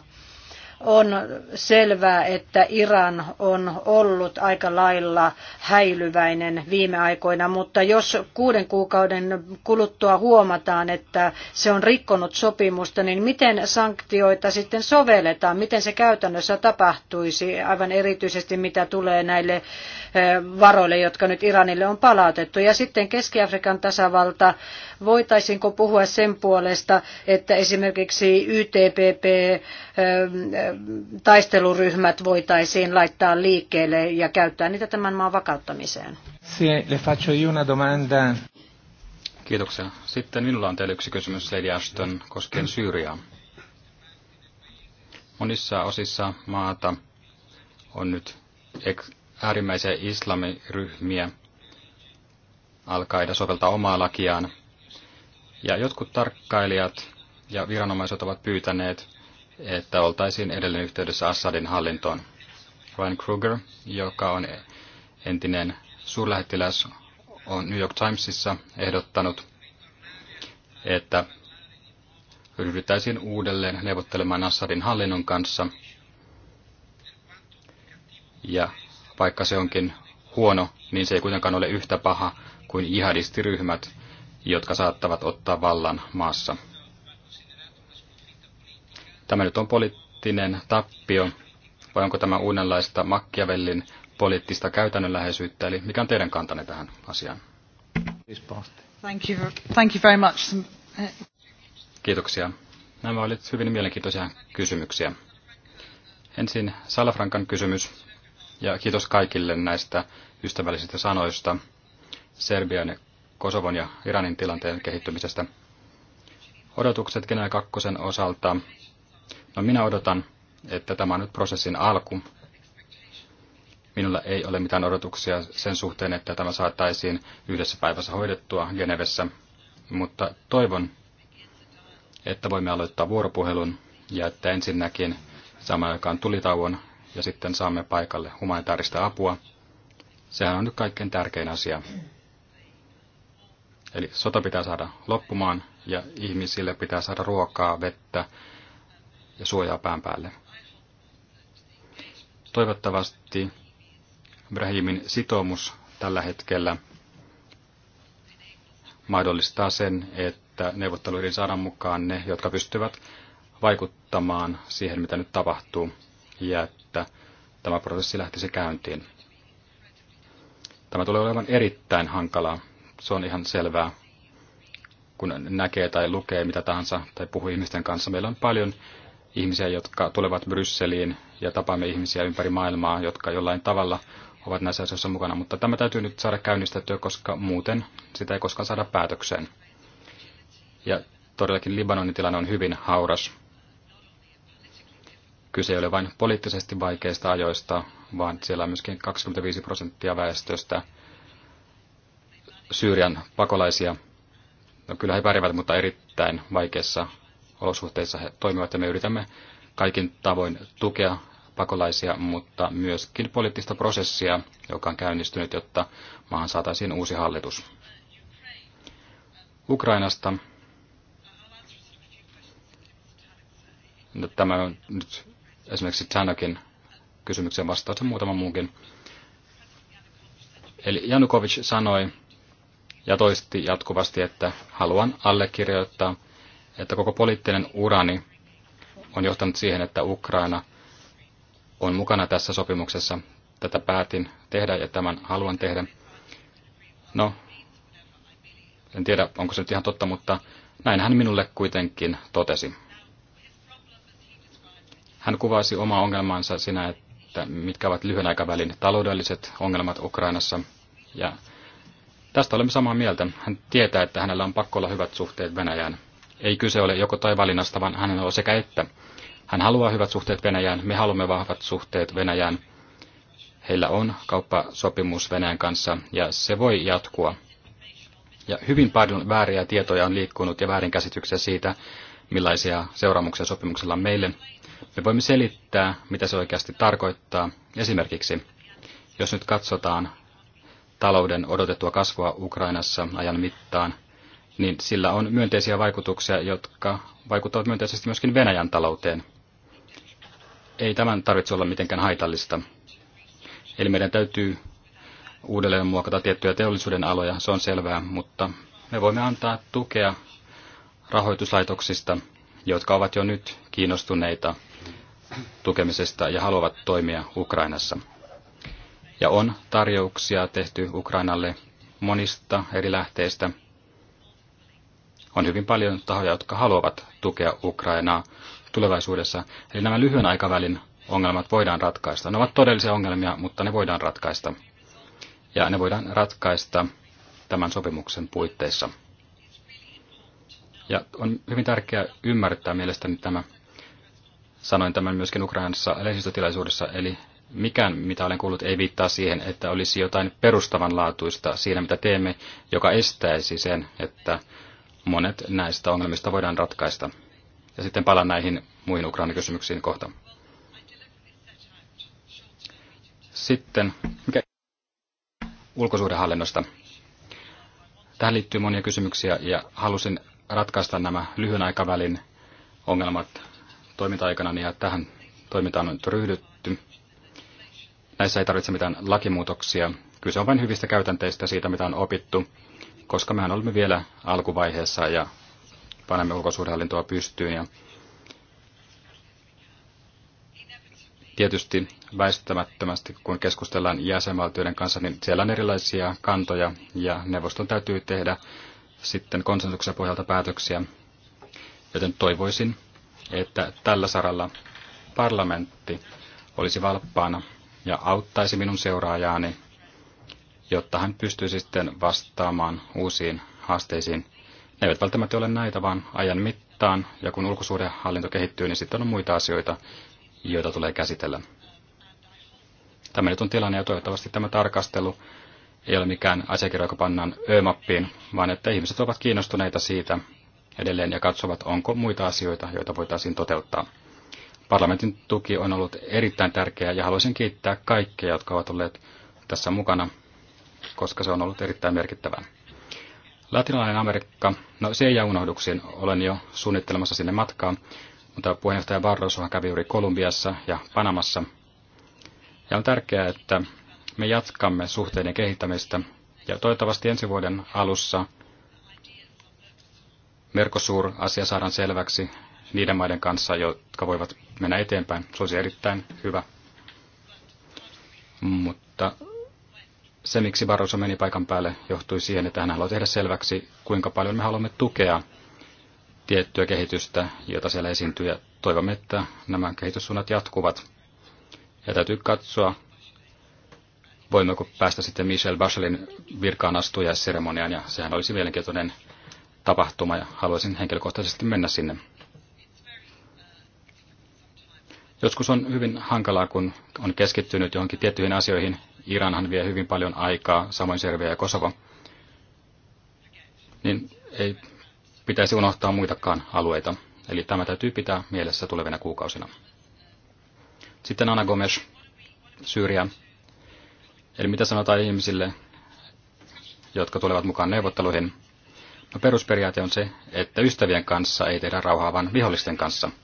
On selvää, että Iran on ollut aika lailla häilyväinen viime aikoina, mutta jos kuuden kuukauden kuluttua huomataan, että se on rikkonut sopimusta, niin miten sanktioita sitten sovelletaan, miten se käytännössä tapahtuisi, aivan erityisesti mitä tulee näille eh, varoille, jotka nyt Iranille on palautettu. Ja sitten Keski-Afrikan tasavalta Voitaisinko puhua sen puolesta, että esimerkiksi YTPP-taisteluryhmät voitaisiin laittaa liikkeelle ja käyttää niitä tämän maan vakauttamiseen? Kiitoksia. Sitten minulla on teille yksi kysymys, Lady Ashton, koskien Syyriaa. Monissa osissa maata on nyt äärimmäisiä islamiryhmiä, al soveltaa omaa lakiaan ja jotkut tarkkailijat ja viranomaiset ovat pyytäneet, että oltaisiin edelleen yhteydessä Assadin hallintoon. Ryan Kruger, joka on entinen suurlähettiläs, on New York Timesissa ehdottanut, että ryhdyttäisiin uudelleen neuvottelemaan Assadin hallinnon kanssa. Ja vaikka se onkin huono, niin se ei kuitenkaan ole yhtä paha kuin jihadistiryhmät, jotka saattavat ottaa vallan maassa. Tämä nyt on poliittinen tappio, vai onko tämä uudenlaista Machiavellin poliittista käytännönläheisyyttä, eli mikä on teidän kantanne tähän asiaan? Thank you, thank you very much. Kiitoksia. Nämä olivat hyvin mielenkiintoisia kysymyksiä. Ensin Salafrankan kysymys, ja kiitos kaikille näistä ystävällisistä sanoista Serbian ja Kosovon ja Iranin tilanteen kehittymisestä. Odotukset Geneve 2 osalta. No minä odotan, että tämä on nyt prosessin alku. Minulla ei ole mitään odotuksia sen suhteen, että tämä saataisiin yhdessä päivässä hoidettua Genevessä, mutta toivon, että voimme aloittaa vuoropuhelun ja että ensinnäkin saamme aikaan tulitauon ja sitten saamme paikalle humanitaarista apua. Sehän on nyt kaikkein tärkein asia. Eli sota pitää saada loppumaan ja ihmisille pitää saada ruokaa, vettä ja suojaa pään päälle. Toivottavasti Brahimin sitoumus tällä hetkellä mahdollistaa sen, että neuvotteluiden saadaan mukaan ne, jotka pystyvät vaikuttamaan siihen, mitä nyt tapahtuu, ja että tämä prosessi lähtisi käyntiin. Tämä tulee olemaan erittäin hankalaa, se on ihan selvää, kun näkee tai lukee mitä tahansa tai puhuu ihmisten kanssa. Meillä on paljon ihmisiä, jotka tulevat Brysseliin ja tapaamme ihmisiä ympäri maailmaa, jotka jollain tavalla ovat näissä asioissa mukana. Mutta tämä täytyy nyt saada käynnistettyä, koska muuten sitä ei koskaan saada päätökseen. Ja todellakin Libanonin tilanne on hyvin hauras. Kyse ei ole vain poliittisesti vaikeista ajoista, vaan siellä on myöskin 25 prosenttia väestöstä Syyrian pakolaisia. No, kyllä he pärjäävät, mutta erittäin vaikeissa olosuhteissa he toimivat ja me yritämme kaikin tavoin tukea pakolaisia, mutta myöskin poliittista prosessia, joka on käynnistynyt, jotta maahan saataisiin uusi hallitus. Ukrainasta. No, tämä on nyt esimerkiksi Tanakin kysymyksen vastaus ja muutama muunkin. Eli Janukovic sanoi, ja toisti jatkuvasti, että haluan allekirjoittaa, että koko poliittinen urani on johtanut siihen, että Ukraina on mukana tässä sopimuksessa. Tätä päätin tehdä ja tämän haluan tehdä. No, en tiedä, onko se nyt ihan totta, mutta näin hän minulle kuitenkin totesi. Hän kuvasi omaa ongelmansa sinä, että mitkä ovat lyhyen aikavälin taloudelliset ongelmat Ukrainassa. Ja Tästä olemme samaa mieltä. Hän tietää, että hänellä on pakko olla hyvät suhteet Venäjään. Ei kyse ole joko tai valinnasta, vaan hänellä on sekä että. Hän haluaa hyvät suhteet Venäjään, me haluamme vahvat suhteet Venäjään. Heillä on kauppasopimus Venäjän kanssa ja se voi jatkua. Ja hyvin paljon vääriä tietoja on liikkunut ja väärinkäsityksiä siitä, millaisia seuraamuksia sopimuksella on meille. Me voimme selittää, mitä se oikeasti tarkoittaa. Esimerkiksi, jos nyt katsotaan talouden odotettua kasvua Ukrainassa ajan mittaan, niin sillä on myönteisiä vaikutuksia, jotka vaikuttavat myönteisesti myöskin Venäjän talouteen. Ei tämän tarvitse olla mitenkään haitallista. Eli meidän täytyy uudelleen muokata tiettyjä teollisuuden aloja, se on selvää, mutta me voimme antaa tukea rahoituslaitoksista, jotka ovat jo nyt kiinnostuneita tukemisesta ja haluavat toimia Ukrainassa. Ja on tarjouksia tehty Ukrainalle monista eri lähteistä. On hyvin paljon tahoja, jotka haluavat tukea Ukrainaa tulevaisuudessa. Eli nämä lyhyen aikavälin ongelmat voidaan ratkaista. Ne ovat todellisia ongelmia, mutta ne voidaan ratkaista. Ja ne voidaan ratkaista tämän sopimuksen puitteissa. Ja on hyvin tärkeää ymmärtää mielestäni tämä. Sanoin tämän myöskin Ukrainassa lehdistötilaisuudessa, eli mikään, mitä olen kuullut, ei viittaa siihen, että olisi jotain perustavanlaatuista siinä, mitä teemme, joka estäisi sen, että monet näistä ongelmista voidaan ratkaista. Ja sitten palaan näihin muihin Ukraina-kysymyksiin kohta. Sitten mikä? ulkosuhdehallinnosta. Tähän liittyy monia kysymyksiä ja halusin ratkaista nämä lyhyen aikavälin ongelmat toiminta-aikana ja tähän toimintaan on nyt ryhdytty. Näissä ei tarvitse mitään lakimuutoksia. Kyse on vain hyvistä käytänteistä siitä, mitä on opittu, koska mehän olemme vielä alkuvaiheessa ja panemme ulkosuhdehallintoa pystyyn. Ja tietysti väistämättömästi, kun keskustellaan jäsenvaltioiden kanssa, niin siellä on erilaisia kantoja ja neuvoston täytyy tehdä sitten konsensuksen pohjalta päätöksiä. Joten toivoisin, että tällä saralla parlamentti olisi valppaana ja auttaisi minun seuraajaani, jotta hän pystyisi sitten vastaamaan uusiin haasteisiin. Ne eivät välttämättä ole näitä, vaan ajan mittaan, ja kun ulkosuhdehallinto kehittyy, niin sitten on muita asioita, joita tulee käsitellä. Tämä nyt on tilanne, ja toivottavasti tämä tarkastelu ei ole mikään asiakirja, joka pannaan ö-mappiin, vaan että ihmiset ovat kiinnostuneita siitä edelleen ja katsovat, onko muita asioita, joita voitaisiin toteuttaa. Parlamentin tuki on ollut erittäin tärkeää ja haluaisin kiittää kaikkia, jotka ovat olleet tässä mukana, koska se on ollut erittäin merkittävää. Latinalainen Amerikka, no se ei jää unohduksiin, olen jo suunnittelemassa sinne matkaa, mutta puheenjohtaja Barroso kävi juuri Kolumbiassa ja Panamassa. Ja on tärkeää, että me jatkamme suhteiden kehittämistä ja toivottavasti ensi vuoden alussa Mercosur-asia saadaan selväksi niiden maiden kanssa, jotka voivat mennä eteenpäin. Se olisi erittäin hyvä. Mutta se, miksi Barroso meni paikan päälle, johtui siihen, että hän haluaa tehdä selväksi, kuinka paljon me haluamme tukea tiettyä kehitystä, jota siellä esiintyy, ja toivomme, että nämä kehityssuunnat jatkuvat. Ja täytyy katsoa, voimmeko päästä sitten Michel Bachelin virkaan astujaisseremoniaan, ja sehän olisi mielenkiintoinen tapahtuma, ja haluaisin henkilökohtaisesti mennä sinne. Joskus on hyvin hankalaa, kun on keskittynyt johonkin tiettyihin asioihin. Iranhan vie hyvin paljon aikaa, samoin Serbia ja Kosovo. Niin ei pitäisi unohtaa muitakaan alueita. Eli tämä täytyy pitää mielessä tulevina kuukausina. Sitten Anna Gomes, Syyria. Eli mitä sanotaan ihmisille, jotka tulevat mukaan neuvotteluihin? No perusperiaate on se, että ystävien kanssa ei tehdä rauhaa, vaan vihollisten kanssa –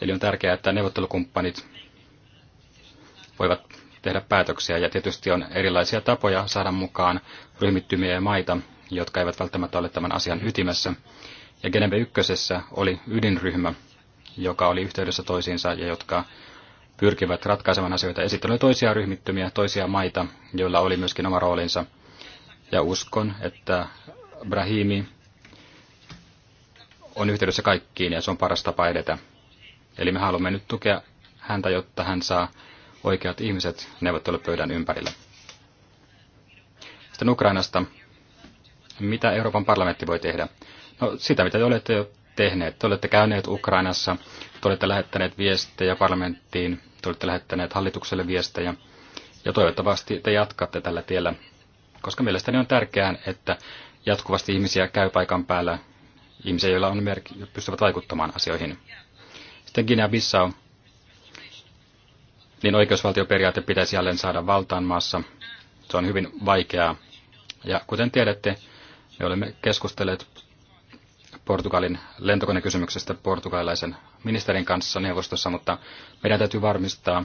Eli on tärkeää, että neuvottelukumppanit voivat tehdä päätöksiä. Ja tietysti on erilaisia tapoja saada mukaan ryhmittymiä ja maita, jotka eivät välttämättä ole tämän asian ytimessä. Ja Geneve 1 oli ydinryhmä, joka oli yhteydessä toisiinsa ja jotka pyrkivät ratkaisemaan asioita. Ja toisia ryhmittymiä, toisia maita, joilla oli myöskin oma roolinsa. Ja uskon, että Brahimi on yhteydessä kaikkiin ja se on paras tapa edetä. Eli me haluamme nyt tukea häntä, jotta hän saa oikeat ihmiset neuvottelupöydän ympärille. Sitten Ukrainasta. Mitä Euroopan parlamentti voi tehdä? No sitä, mitä te olette jo tehneet. Te olette käyneet Ukrainassa, te olette lähettäneet viestejä parlamenttiin, te olette lähettäneet hallitukselle viestejä. Ja toivottavasti te jatkatte tällä tiellä, koska mielestäni on tärkeää, että jatkuvasti ihmisiä käy paikan päällä, ihmisiä, joilla on merkki, pystyvät vaikuttamaan asioihin. Sitten Guinea-Bissau. Niin oikeusvaltioperiaate pitäisi jälleen saada valtaan maassa. Se on hyvin vaikeaa. Ja kuten tiedätte, me olemme keskustelleet Portugalin lentokonekysymyksestä portugalaisen ministerin kanssa neuvostossa, mutta meidän täytyy varmistaa,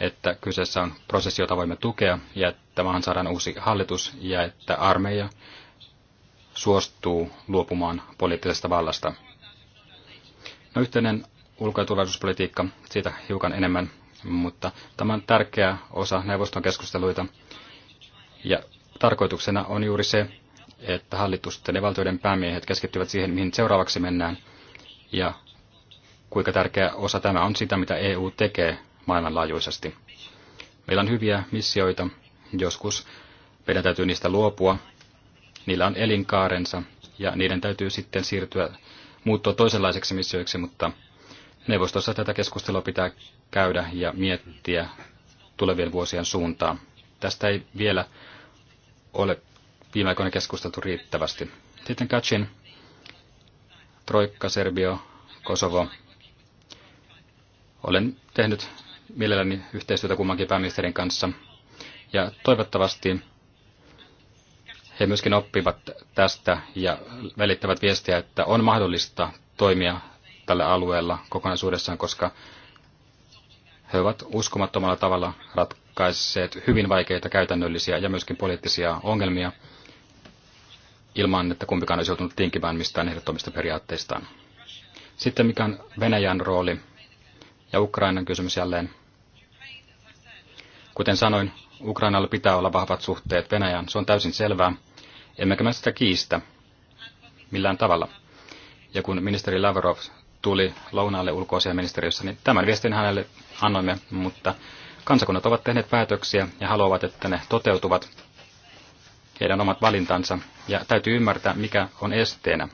että kyseessä on prosessi, jota voimme tukea, ja että maahan saadaan uusi hallitus, ja että armeija suostuu luopumaan poliittisesta vallasta. No, yhteinen ulko- ja turvallisuuspolitiikka, siitä hiukan enemmän, mutta tämä on tärkeä osa neuvoston keskusteluita. Ja tarkoituksena on juuri se, että hallitusten ja valtioiden päämiehet keskittyvät siihen, mihin seuraavaksi mennään, ja kuinka tärkeä osa tämä on sitä, mitä EU tekee maailmanlaajuisesti. Meillä on hyviä missioita, joskus meidän täytyy niistä luopua, niillä on elinkaarensa, ja niiden täytyy sitten siirtyä muuttua toisenlaiseksi missioiksi, mutta Neuvostossa tätä keskustelua pitää käydä ja miettiä tulevien vuosien suuntaa. Tästä ei vielä ole viime aikoina keskusteltu riittävästi. Sitten Kacin, Troikka, Serbio, Kosovo. Olen tehnyt mielelläni yhteistyötä kummankin pääministerin kanssa. Ja toivottavasti he myöskin oppivat tästä ja välittävät viestiä, että on mahdollista toimia tällä alueella kokonaisuudessaan, koska he ovat uskomattomalla tavalla ratkaisseet hyvin vaikeita käytännöllisiä ja myöskin poliittisia ongelmia ilman, että kumpikaan olisi joutunut tinkimään mistään ehdottomista periaatteistaan. Sitten mikä on Venäjän rooli ja Ukrainan kysymys jälleen. Kuten sanoin, Ukrainalla pitää olla vahvat suhteet Venäjään. Se on täysin selvää. Emmekä mä sitä kiistä millään tavalla. Ja kun ministeri Lavrov tuli lounaalle ulkoasiaministeriössä, niin tämän viestin hänelle annoimme, mutta kansakunnat ovat tehneet päätöksiä ja haluavat, että ne toteutuvat heidän omat valintansa, ja täytyy ymmärtää, mikä on esteenä.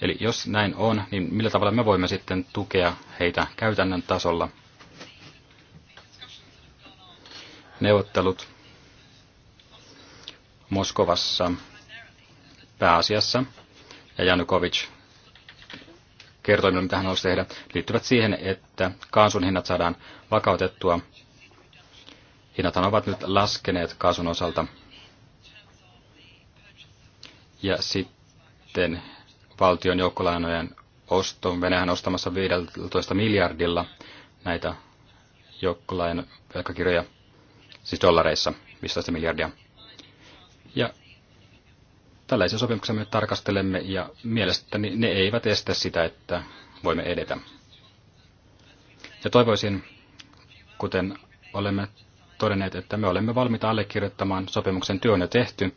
Eli jos näin on, niin millä tavalla me voimme sitten tukea heitä käytännön tasolla? Neuvottelut Moskovassa pääasiassa, ja Janukovic kertoimilla, mitä hän haluaisi tehdä, liittyvät siihen, että kaasun hinnat saadaan vakautettua. Hinnathan ovat nyt laskeneet kaasun osalta. Ja sitten valtion joukkolainojen oston. Venäjän ostamassa 15 miljardilla näitä joukkolainojen velkakirjoja, siis dollareissa 15 miljardia. Ja Tällaisia sopimuksia me tarkastelemme ja mielestäni ne eivät estä sitä, että voimme edetä. Ja toivoisin, kuten olemme todenneet, että me olemme valmiita allekirjoittamaan sopimuksen työ on jo tehty.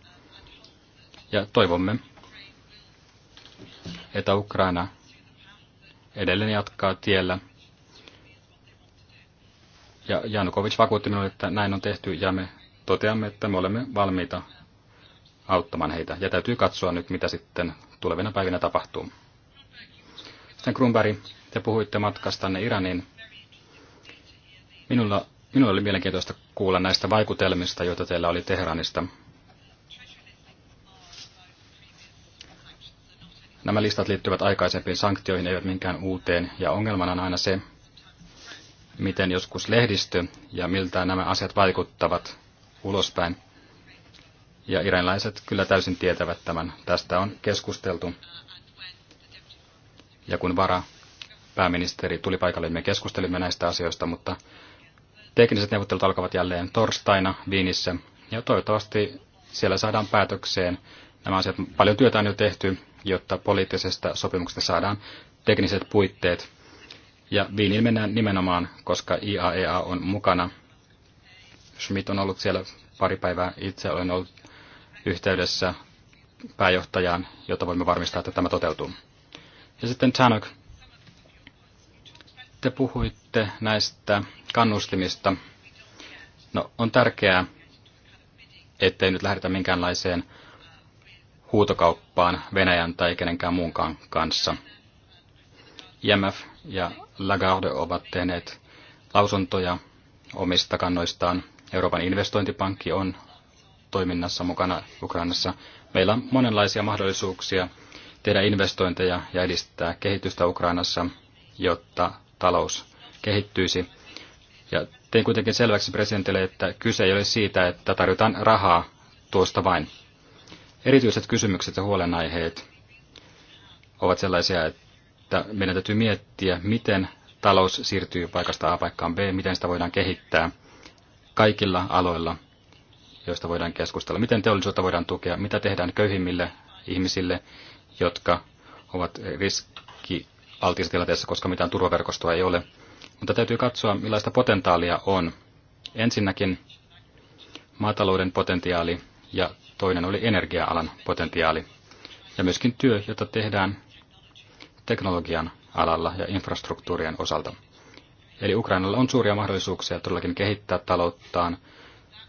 Ja toivomme, että Ukraina edelleen jatkaa tiellä. Ja Janukovic vakuutti minulle, että näin on tehty ja me toteamme, että me olemme valmiita auttamaan heitä. Ja täytyy katsoa nyt, mitä sitten tulevina päivinä tapahtuu. Sen Grunberg, te puhuitte matkastanne Iraniin. Minulla, minulla oli mielenkiintoista kuulla näistä vaikutelmista, joita teillä oli Teheranista. Nämä listat liittyvät aikaisempiin sanktioihin, eivät minkään uuteen, ja ongelmana on aina se, miten joskus lehdistö ja miltä nämä asiat vaikuttavat ulospäin. Ja iranilaiset kyllä täysin tietävät tämän. Tästä on keskusteltu. Ja kun vara pääministeri tuli paikalle, niin me keskustelimme näistä asioista, mutta tekniset neuvottelut alkavat jälleen torstaina Viinissä. Ja toivottavasti siellä saadaan päätökseen nämä asiat. Paljon työtä on jo tehty, jotta poliittisesta sopimuksesta saadaan tekniset puitteet. Ja Viiniin mennään nimenomaan, koska IAEA e on mukana. Schmidt on ollut siellä pari päivää, itse olen ollut yhteydessä pääjohtajaan, jotta voimme varmistaa, että tämä toteutuu. Ja sitten Tanok, te puhuitte näistä kannustimista. No, on tärkeää, ettei nyt lähdetä minkäänlaiseen huutokauppaan Venäjän tai kenenkään muunkaan kanssa. IMF ja Lagarde ovat tehneet lausuntoja omista kannoistaan. Euroopan investointipankki on toiminnassa mukana Ukrainassa. Meillä on monenlaisia mahdollisuuksia tehdä investointeja ja edistää kehitystä Ukrainassa, jotta talous kehittyisi. Ja tein kuitenkin selväksi presidentille, että kyse ei ole siitä, että tarjotaan rahaa tuosta vain. Erityiset kysymykset ja huolenaiheet ovat sellaisia, että meidän täytyy miettiä, miten talous siirtyy paikasta A paikkaan B, miten sitä voidaan kehittää kaikilla aloilla, joista voidaan keskustella. Miten teollisuutta voidaan tukea? Mitä tehdään köyhimmille ihmisille, jotka ovat riskialtiissa tilanteessa, koska mitään turvaverkostoa ei ole? Mutta täytyy katsoa, millaista potentiaalia on. Ensinnäkin maatalouden potentiaali ja toinen oli energia-alan potentiaali. Ja myöskin työ, jota tehdään teknologian alalla ja infrastruktuurien osalta. Eli Ukrainalla on suuria mahdollisuuksia todellakin kehittää talouttaan,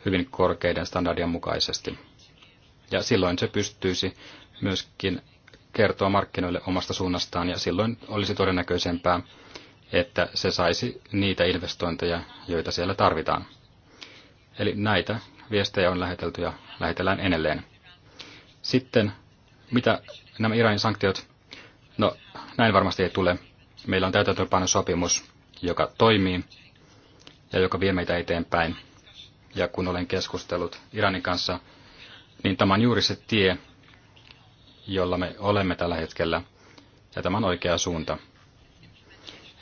hyvin korkeiden standardien mukaisesti. Ja silloin se pystyisi myöskin kertoa markkinoille omasta suunnastaan, ja silloin olisi todennäköisempää, että se saisi niitä investointeja, joita siellä tarvitaan. Eli näitä viestejä on lähetelty ja lähetellään edelleen. Sitten, mitä nämä Iranin sanktiot, no näin varmasti ei tule. Meillä on sopimus, joka toimii ja joka vie meitä eteenpäin ja kun olen keskustellut Iranin kanssa, niin tämä on juuri se tie, jolla me olemme tällä hetkellä, ja tämä on oikea suunta.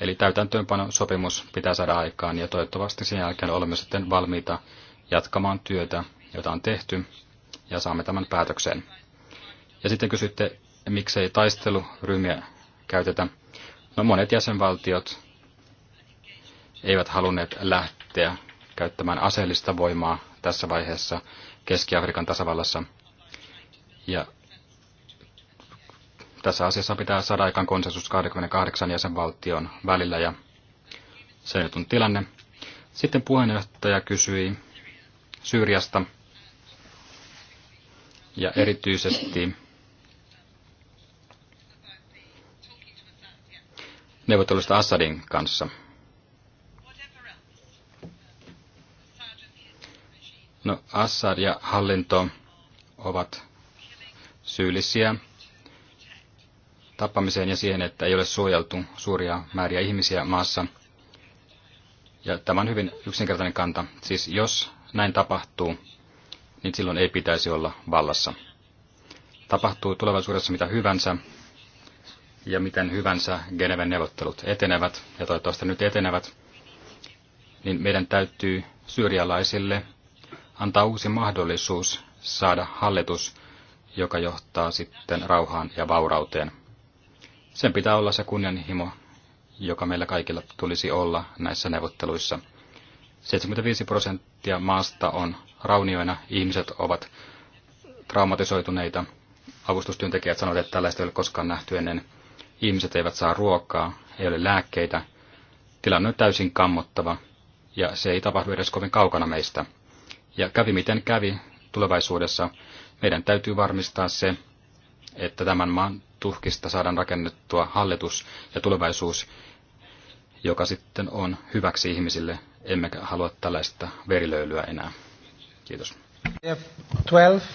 Eli täytäntöönpano sopimus pitää saada aikaan, ja toivottavasti sen jälkeen olemme sitten valmiita jatkamaan työtä, jota on tehty, ja saamme tämän päätökseen. Ja sitten kysytte, miksei taisteluryhmiä käytetä. No monet jäsenvaltiot eivät halunneet lähteä käyttämään aseellista voimaa tässä vaiheessa Keski-Afrikan tasavallassa. Ja tässä asiassa pitää saada aikaan konsensus 28 jäsenvaltion välillä ja se nyt on tilanne. Sitten puheenjohtaja kysyi Syyriasta ja erityisesti neuvottelusta Assadin kanssa. No, Assad ja hallinto ovat syyllisiä tappamiseen ja siihen, että ei ole suojeltu suuria määriä ihmisiä maassa. Ja tämä on hyvin yksinkertainen kanta. Siis jos näin tapahtuu, niin silloin ei pitäisi olla vallassa. Tapahtuu tulevaisuudessa mitä hyvänsä ja miten hyvänsä Geneven neuvottelut etenevät, ja toivottavasti nyt etenevät, niin meidän täytyy syyrialaisille antaa uusi mahdollisuus saada hallitus, joka johtaa sitten rauhaan ja vaurauteen. Sen pitää olla se kunnianhimo, joka meillä kaikilla tulisi olla näissä neuvotteluissa. 75 prosenttia maasta on raunioina, ihmiset ovat traumatisoituneita. Avustustyöntekijät sanovat, että tällaista ei ole koskaan nähty ennen. Ihmiset eivät saa ruokaa, ei ole lääkkeitä. Tilanne on täysin kammottava, ja se ei tapahdu edes kovin kaukana meistä. Ja kävi miten kävi tulevaisuudessa, meidän täytyy varmistaa se, että tämän maan tuhkista saadaan rakennettua hallitus ja tulevaisuus, joka sitten on hyväksi ihmisille, emmekä halua tällaista verilöylyä enää. Kiitos. 12.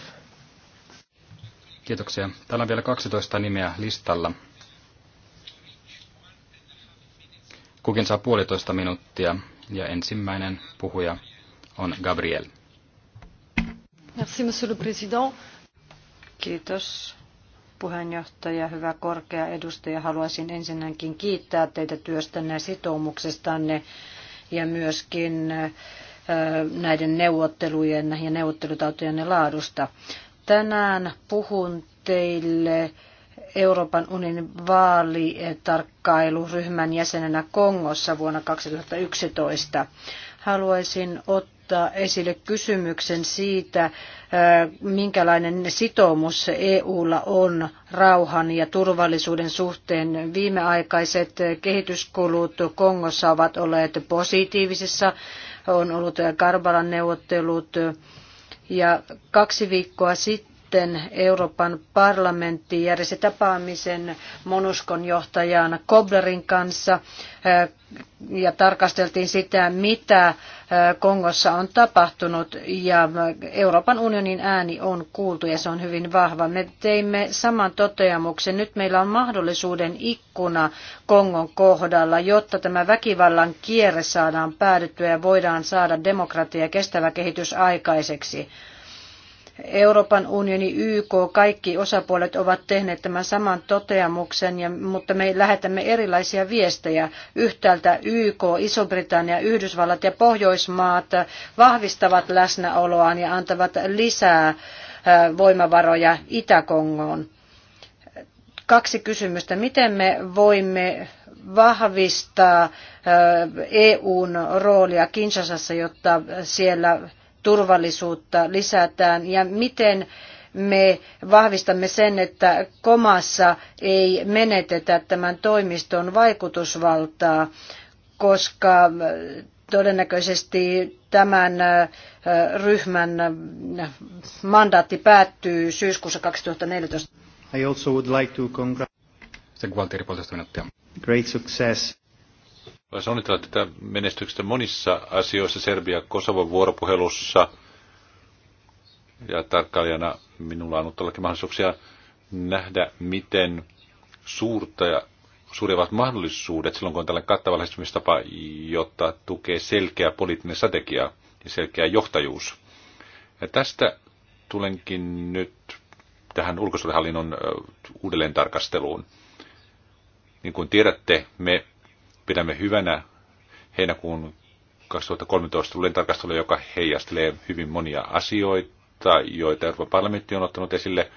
Kiitoksia. Täällä on vielä 12 nimeä listalla. Kukin saa puolitoista minuuttia ja ensimmäinen puhuja on Gabriel monsieur le président. Kiitos puheenjohtaja, hyvä korkea edustaja. Haluaisin ensinnäkin kiittää teitä työstänne ja sitoumuksestanne ja myöskin näiden neuvottelujen ja neuvottelutautojenne laadusta. Tänään puhun teille Euroopan unionin vaalitarkkailuryhmän jäsenenä Kongossa vuonna 2011. Haluaisin ottaa ottaa esille kysymyksen siitä, äh, minkälainen sitoumus EUlla on rauhan ja turvallisuuden suhteen. Viimeaikaiset kehityskulut Kongossa ovat olleet positiivisissa, on ollut Karbalan neuvottelut ja kaksi viikkoa sitten sitten Euroopan parlamentti järjesti tapaamisen Monuskon johtajan Koblerin kanssa eh, ja tarkasteltiin sitä, mitä eh, Kongossa on tapahtunut ja eh, Euroopan unionin ääni on kuultu ja se on hyvin vahva. Me teimme saman toteamuksen. Nyt meillä on mahdollisuuden ikkuna Kongon kohdalla, jotta tämä väkivallan kierre saadaan päädyttyä ja voidaan saada demokratia ja kestävä kehitys aikaiseksi. Euroopan unioni, YK, kaikki osapuolet ovat tehneet tämän saman toteamuksen, ja, mutta me lähetämme erilaisia viestejä. Yhtäältä YK, Iso-Britannia, Yhdysvallat ja Pohjoismaat vahvistavat läsnäoloaan ja antavat lisää voimavaroja Itä-Kongoon. Kaksi kysymystä. Miten me voimme vahvistaa EUn roolia Kinshasassa, jotta siellä turvallisuutta lisätään ja miten me vahvistamme sen, että komassa ei menetetä tämän toimiston vaikutusvaltaa, koska todennäköisesti tämän ryhmän mandaatti päättyy syyskuussa 2014. I also would like to congratulate. Great success. Voisi onnitella tätä menestyksestä monissa asioissa Serbia-Kosovon vuoropuhelussa. Ja tarkkailijana minulla on ollut todellakin mahdollisuuksia nähdä, miten suurta ja suurevat mahdollisuudet silloin, kun on tällainen kattava lähestymistapa, jotta tukee selkeä poliittinen strategia ja selkeä johtajuus. Ja tästä tulenkin nyt tähän ulkosuudenhallinnon uudelleen tarkasteluun. Niin kuin tiedätte, me pidämme hyvänä heinäkuun 2013 tulleen tarkastelu, joka heijastelee hyvin monia asioita, joita Euroopan parlamentti on ottanut esille.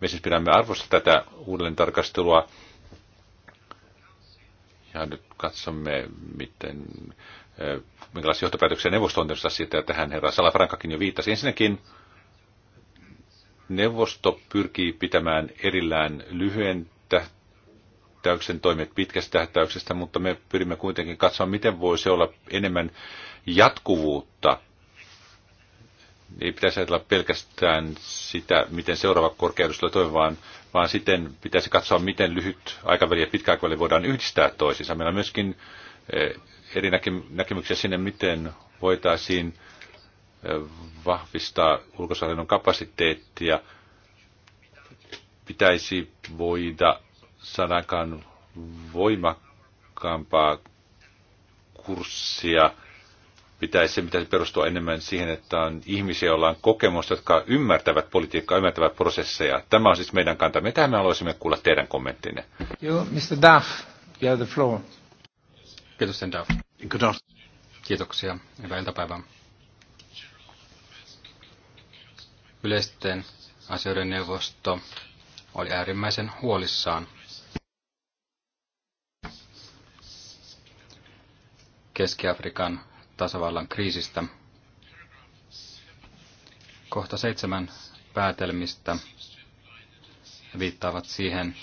Me siis pidämme arvosta tätä uudelleen tarkastelua. Ja nyt katsomme, miten, eh, minkälaisia johtopäätöksiä neuvosto on tehnyt siitä, ja tähän herra Salafrankakin jo viittasi. Ensinnäkin neuvosto pyrkii pitämään erillään lyhyen tähtäyksen toimet pitkästä tähtäyksestä, mutta me pyrimme kuitenkin katsoa, miten voisi olla enemmän jatkuvuutta. Ei pitäisi ajatella pelkästään sitä, miten seuraava korkeudella toimii, vaan, vaan sitten pitäisi katsoa, miten lyhyt aikaväli ja pitkä aikaväli voidaan yhdistää toisiinsa. Meillä on myöskin eh, eri näkemyksiä sinne, miten voitaisiin eh, vahvistaa ulkosuhallinnon kapasiteettia. Pitäisi voida sanakaan voimakkaampaa kurssia. Pitäisi, se pitäisi perustua enemmän siihen, että on ihmisiä, joilla on kokemusta, jotka ymmärtävät politiikkaa, ymmärtävät prosesseja. Tämä on siis meidän kantamme. Mitä me haluaisimme kuulla teidän kommenttinne. Joo, Mr. Duff, you have the floor. Kiitos, Sten Duff. Good Kiitoksia. Hyvää iltapäivää. Yleisten asioiden neuvosto oli äärimmäisen huolissaan Keski-Afrikan tasavallan kriisistä. Kohta seitsemän päätelmistä viittaavat siihen,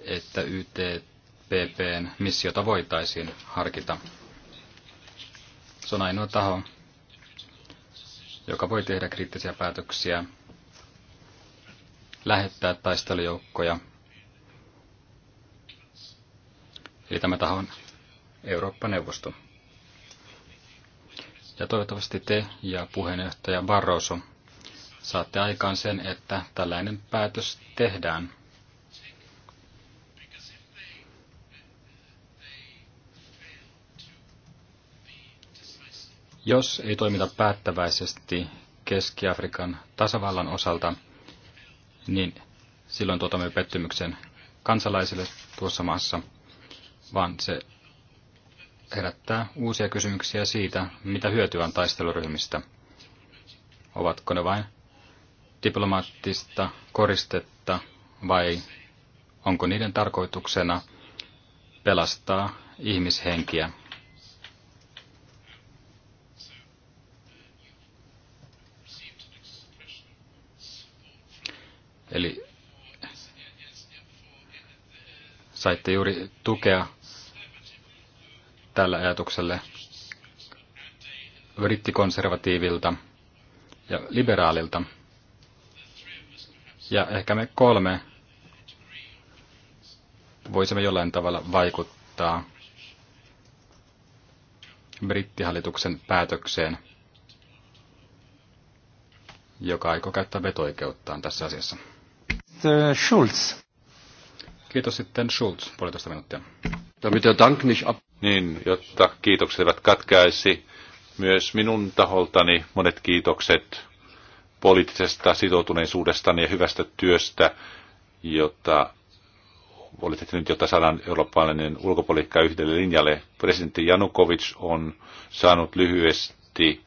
että YTPPn missiota voitaisiin harkita. Se on ainoa taho, joka voi tehdä kriittisiä päätöksiä, lähettää taistelujoukkoja. Eli tämä taho on Eurooppa-neuvosto. Ja toivottavasti te ja puheenjohtaja Barroso saatte aikaan sen, että tällainen päätös tehdään. Jos ei toimita päättäväisesti Keski-Afrikan tasavallan osalta, niin silloin tuotamme pettymyksen kansalaisille tuossa maassa, vaan se herättää uusia kysymyksiä siitä, mitä hyötyä on taisteluryhmistä. Ovatko ne vain diplomaattista koristetta vai onko niiden tarkoituksena pelastaa ihmishenkiä? Eli saitte juuri tukea tälle ajatukselle brittikonservatiivilta ja liberaalilta. Ja ehkä me kolme voisimme jollain tavalla vaikuttaa brittihallituksen päätökseen, joka aikoo käyttää vetoikeuttaan tässä asiassa. Schulz. Kiitos sitten Schulz, puolitoista minuuttia. Damit der Dank nicht ab niin, jotta kiitokset eivät katkaisi, myös minun taholtani monet kiitokset poliittisesta sitoutuneisuudestani ja hyvästä työstä, jota olette nyt, jotta saadaan eurooppalainen ulkopolitiikka yhdelle linjalle. Presidentti Janukovic on saanut lyhyesti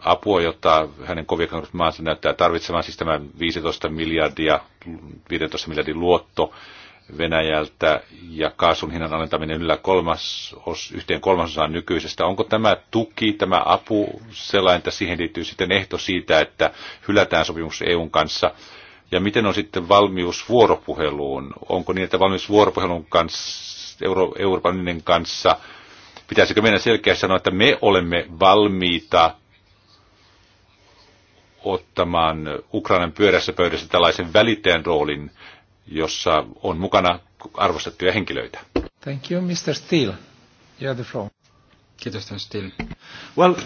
apua, jota hänen kovien maansa näyttää tarvitsemaan, siis tämä 15 miljardia, 15 miljardin luotto, Venäjältä ja kaasun hinnan alentaminen yllä kolmas, yhteen kolmasosaan nykyisestä. Onko tämä tuki, tämä apu sellainen, että siihen liittyy sitten ehto siitä, että hylätään sopimus EUn kanssa? Ja miten on sitten valmius vuoropuheluun? Onko niin, että valmius vuoropuhelun kanssa, Euro, Euroopan unionin kanssa, pitäisikö meidän selkeästi sanoa, että me olemme valmiita ottamaan Ukrainan pyörässä pöydässä tällaisen välittäjän roolin, jossa on mukana arvostettuja henkilöitä. Thank you, Mr. Steele. You have the floor. Kiitos, Mr. Steele. Well, uh,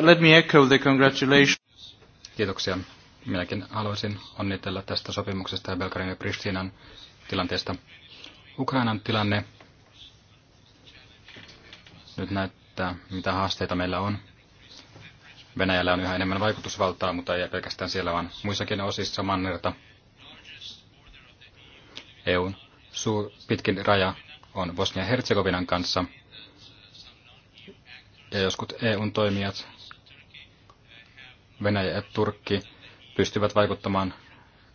let me echo the congratulations. Kiitoksia. Minäkin haluaisin onnitella tästä sopimuksesta ja Belgarin ja Pristinan tilanteesta. Ukrainan tilanne nyt näyttää, mitä haasteita meillä on. Venäjällä on yhä enemmän vaikutusvaltaa, mutta ei pelkästään siellä, vaan muissakin osissa mannerta. EUn suur, pitkin raja on Bosnia-Herzegovinan kanssa. Ja joskus EUn toimijat, Venäjä ja Turkki, pystyvät vaikuttamaan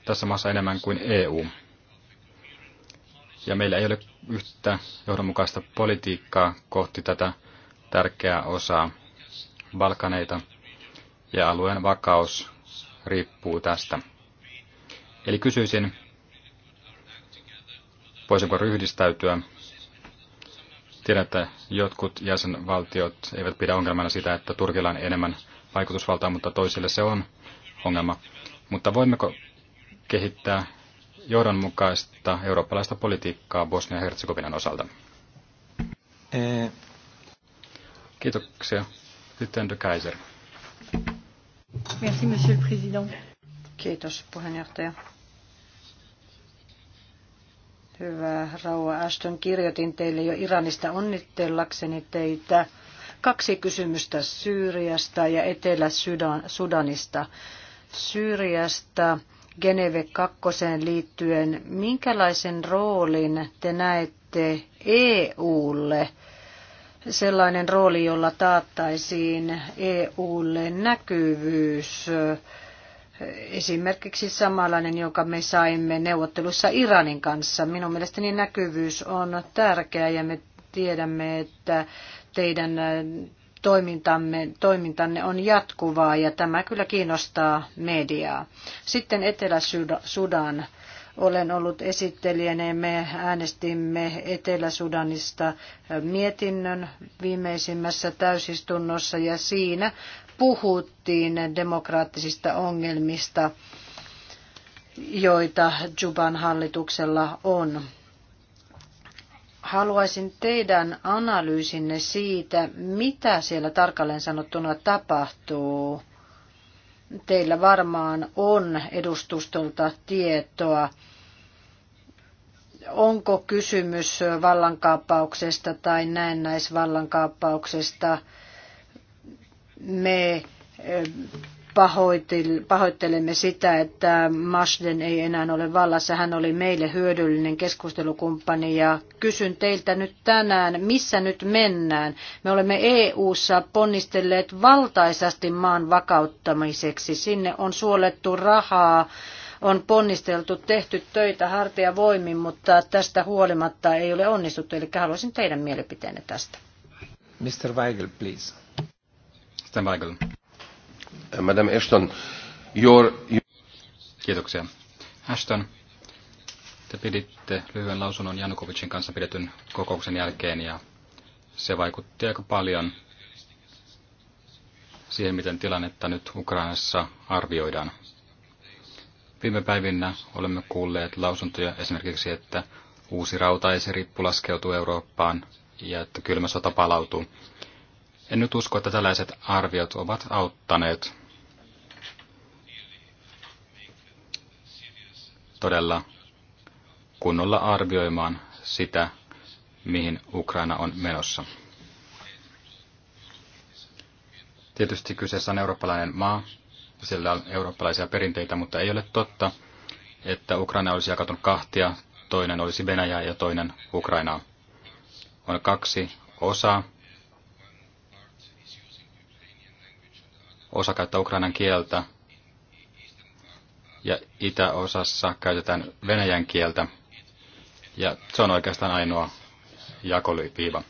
tässä maassa enemmän kuin EU. Ja meillä ei ole yhtä johdonmukaista politiikkaa kohti tätä tärkeää osaa Balkaneita, ja alueen vakaus riippuu tästä. Eli kysyisin, voisinko ryhdistäytyä. Tiedän, että jotkut jäsenvaltiot eivät pidä ongelmana sitä, että Turkilla on enemmän vaikutusvaltaa, mutta toisille se on ongelma. Mutta voimmeko kehittää johdonmukaista eurooppalaista politiikkaa Bosnia-Herzegovinan osalta? Eh. Kiitoksia. Sitten de Kaiser. Merci, monsieur le président. Kiitos, puheenjohtaja. Hyvä Rauha Ashton, kirjoitin teille jo Iranista onnittellakseni teitä. Kaksi kysymystä Syyriasta ja Etelä-Sudanista. Syyriasta Geneve 2 liittyen, minkälaisen roolin te näette EUlle? Sellainen rooli, jolla taattaisiin EUlle näkyvyys Esimerkiksi samanlainen, jonka me saimme neuvottelussa Iranin kanssa. Minun mielestäni näkyvyys on tärkeä ja me tiedämme, että teidän äh, toimintamme, toimintanne on jatkuvaa ja tämä kyllä kiinnostaa mediaa. Sitten Etelä-Sudan olen ollut esittelijänä ja me äänestimme Etelä-Sudanista mietinnön viimeisimmässä täysistunnossa ja siinä puhuttiin demokraattisista ongelmista, joita Juban hallituksella on haluaisin teidän analyysinne siitä, mitä siellä tarkalleen sanottuna tapahtuu. Teillä varmaan on edustustolta tietoa onko kysymys vallankaappauksesta tai näennäisvallankaappauksesta. Me eh, pahoittelemme sitä, että Masden ei enää ole vallassa. Hän oli meille hyödyllinen keskustelukumppani ja kysyn teiltä nyt tänään, missä nyt mennään. Me olemme EU-ssa ponnistelleet valtaisasti maan vakauttamiseksi. Sinne on suolettu rahaa on ponnisteltu, tehty töitä hartia voimin, mutta tästä huolimatta ei ole onnistuttu. Eli haluaisin teidän mielipiteenne tästä. Mr. Weigel, please. Mr. Weigel. Madame Ashton, your... Kiitoksia. Ashton, te piditte lyhyen lausunnon Janukovicin kanssa pidetyn kokouksen jälkeen ja se vaikutti aika paljon siihen, miten tilannetta nyt Ukrainassa arvioidaan. Viime päivinä olemme kuulleet lausuntoja esimerkiksi, että uusi rautaisirippu laskeutuu Eurooppaan ja että kylmä sota palautuu. En nyt usko, että tällaiset arviot ovat auttaneet todella kunnolla arvioimaan sitä, mihin Ukraina on menossa. Tietysti kyseessä on eurooppalainen maa, sillä on eurooppalaisia perinteitä, mutta ei ole totta, että Ukraina olisi jakautunut kahtia, toinen olisi Venäjä ja toinen Ukraina. On kaksi osaa, osa käyttää ukrainan kieltä ja itäosassa käytetään venäjän kieltä. Ja se on oikeastaan ainoa jakoviiva.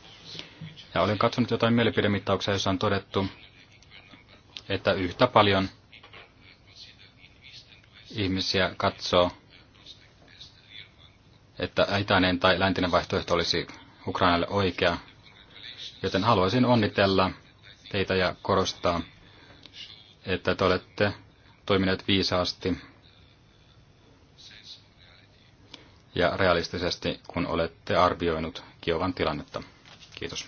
Ja olen katsonut jotain mielipidemittauksia, jossa on todettu, että yhtä paljon ihmisiä katsoo, että itäinen tai läntinen vaihtoehto olisi Ukrainalle oikea. Joten haluaisin onnitella teitä ja korostaa, että te olette toimineet viisaasti ja realistisesti, kun olette arvioinut Kiovan tilannetta. Kiitos.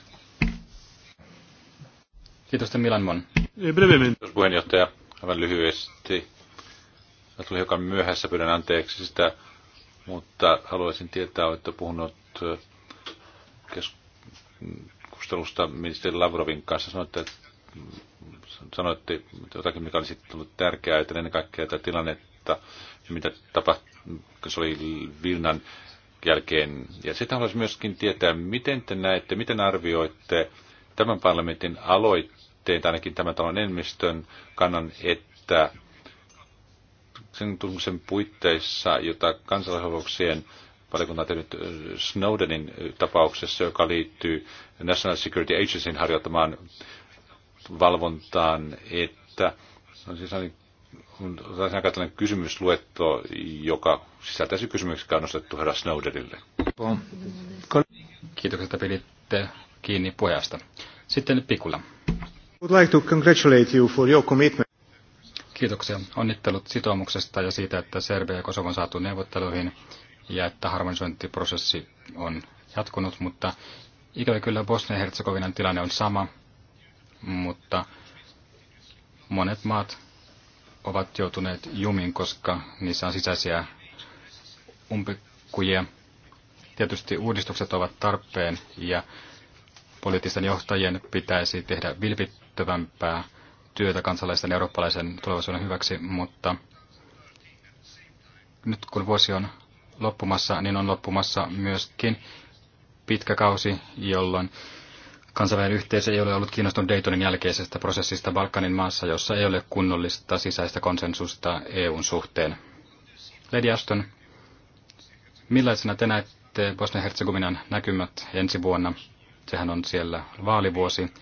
Kiitos te Milan Mon. Kiitos puheenjohtaja. Aivan lyhyesti. Mä tulin hiukan myöhässä, pyydän anteeksi sitä, mutta haluaisin tietää, että puhunut äh, keskustelusta ministeri Lavrovin kanssa. Sanoitte, että sanoitte jotakin, mikä olisi tullut tärkeää, että ennen kaikkea tätä tilannetta, mitä tapahtui, se oli Vilnan jälkeen. Ja sitä haluaisin myöskin tietää, miten te näette, miten arvioitte tämän parlamentin aloitteen, tai ainakin tämän talon enemmistön kannan, että sen tunnuksen puitteissa, jota kansalaisuuksien valiokunta on tehnyt äh, Snowdenin äh, tapauksessa, joka liittyy National Security agencyin harjoittamaan valvontaan, että on siis on tällainen kysymysluetto, joka sisältäisi kysymyksiä, joka on nostettu herra Snowdenille. Kiitokset, että piditte kiinni pojasta. Sitten nyt Pikula. Would like to congratulate you for your commitment. Kiitoksia. Onnittelut sitoumuksesta ja siitä, että Serbia ja Kosovo on saatu neuvotteluihin ja että harmonisointiprosessi on jatkunut, mutta ikävä kyllä Bosnia-Herzegovinan tilanne on sama mutta monet maat ovat joutuneet jumiin, koska niissä on sisäisiä umpikujia. Tietysti uudistukset ovat tarpeen ja poliittisten johtajien pitäisi tehdä vilpittövämpää työtä kansalaisten eurooppalaisen tulevaisuuden hyväksi, mutta nyt kun vuosi on loppumassa, niin on loppumassa myöskin pitkä kausi, jolloin Kansainvälinen yhteisö ei ole ollut kiinnostunut Daytonin jälkeisestä prosessista Balkanin maassa, jossa ei ole kunnollista sisäistä konsensusta EUn suhteen. Lady Ashton, millaisena te näette Bosnia-Herzegovinan näkymät ensi vuonna? Sehän on siellä vaalivuosi.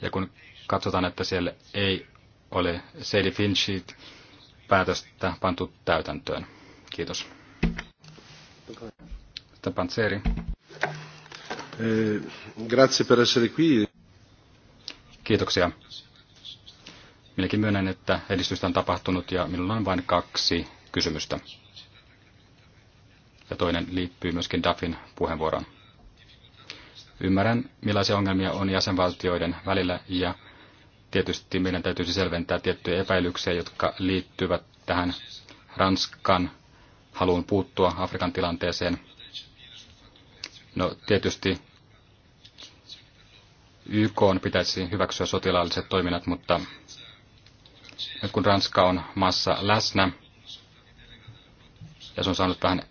Ja kun katsotaan, että siellä ei ole Sadie Finchit päätöstä pantu täytäntöön. Kiitos. Tapan Pantseri. Eh, grazie per essere qui. Kiitoksia. Minäkin myönnän, että edistystä on tapahtunut ja minulla on vain kaksi kysymystä. Ja toinen liittyy myöskin DAFin puheenvuoroon. Ymmärrän, millaisia ongelmia on jäsenvaltioiden välillä ja tietysti meidän täytyisi selventää tiettyjä epäilyksiä, jotka liittyvät tähän Ranskan haluun puuttua Afrikan tilanteeseen – No tietysti YK on pitäisi hyväksyä sotilaalliset toiminnat, mutta nyt kun Ranska on maassa läsnä ja se on saanut vähän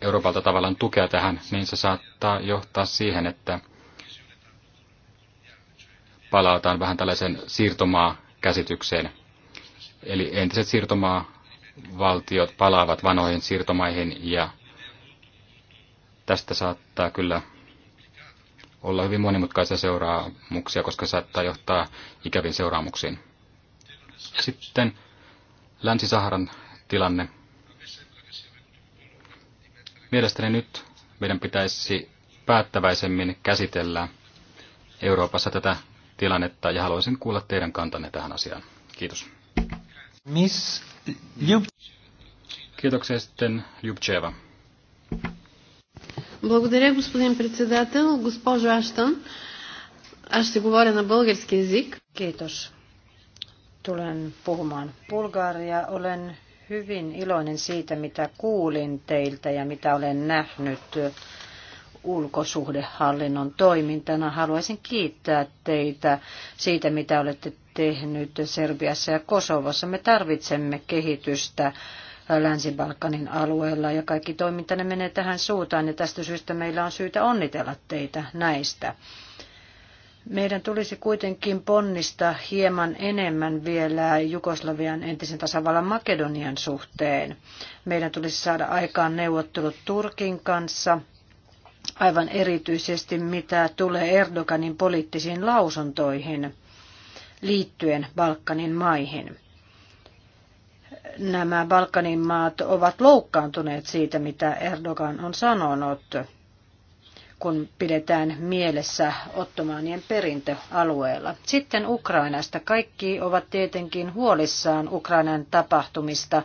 Euroopalta tavallaan tukea tähän, niin se saattaa johtaa siihen, että palataan vähän tällaiseen siirtomaa-käsitykseen. Eli entiset siirtomaa-valtiot palaavat vanhoihin siirtomaihin ja Tästä saattaa kyllä olla hyvin monimutkaisia seuraamuksia, koska se saattaa johtaa ikäviin seuraamuksiin. Sitten Länsi-Saharan tilanne. Mielestäni nyt meidän pitäisi päättäväisemmin käsitellä Euroopassa tätä tilannetta ja haluaisin kuulla teidän kantanne tähän asiaan. Kiitos. Miss Ljub... Kiitoksia sitten Ljubcheva. Благодаря, господин председател. Госпожо Аштън, аз ще говоря на български язик. Kiitos. Tulen puhumaan bulgaria. Olen hyvin iloinen siitä, mitä kuulin teiltä ja mitä olen nähnyt ulkosuhdehallinnon toimintana. Haluaisin kiittää teitä siitä, mitä olette tehnyt Serbiassa ja Kosovossa. Me tarvitsemme kehitystä Länsi-Balkanin alueella ja kaikki toimintanne menee tähän suuntaan ja tästä syystä meillä on syytä onnitella teitä näistä. Meidän tulisi kuitenkin ponnista hieman enemmän vielä Jugoslavian entisen tasavallan Makedonian suhteen. Meidän tulisi saada aikaan neuvottelut Turkin kanssa, aivan erityisesti mitä tulee Erdoganin poliittisiin lausuntoihin liittyen Balkanin maihin nämä Balkanin maat ovat loukkaantuneet siitä, mitä Erdogan on sanonut, kun pidetään mielessä ottomaanien perintöalueella. Sitten Ukrainasta. Kaikki ovat tietenkin huolissaan Ukrainan tapahtumista.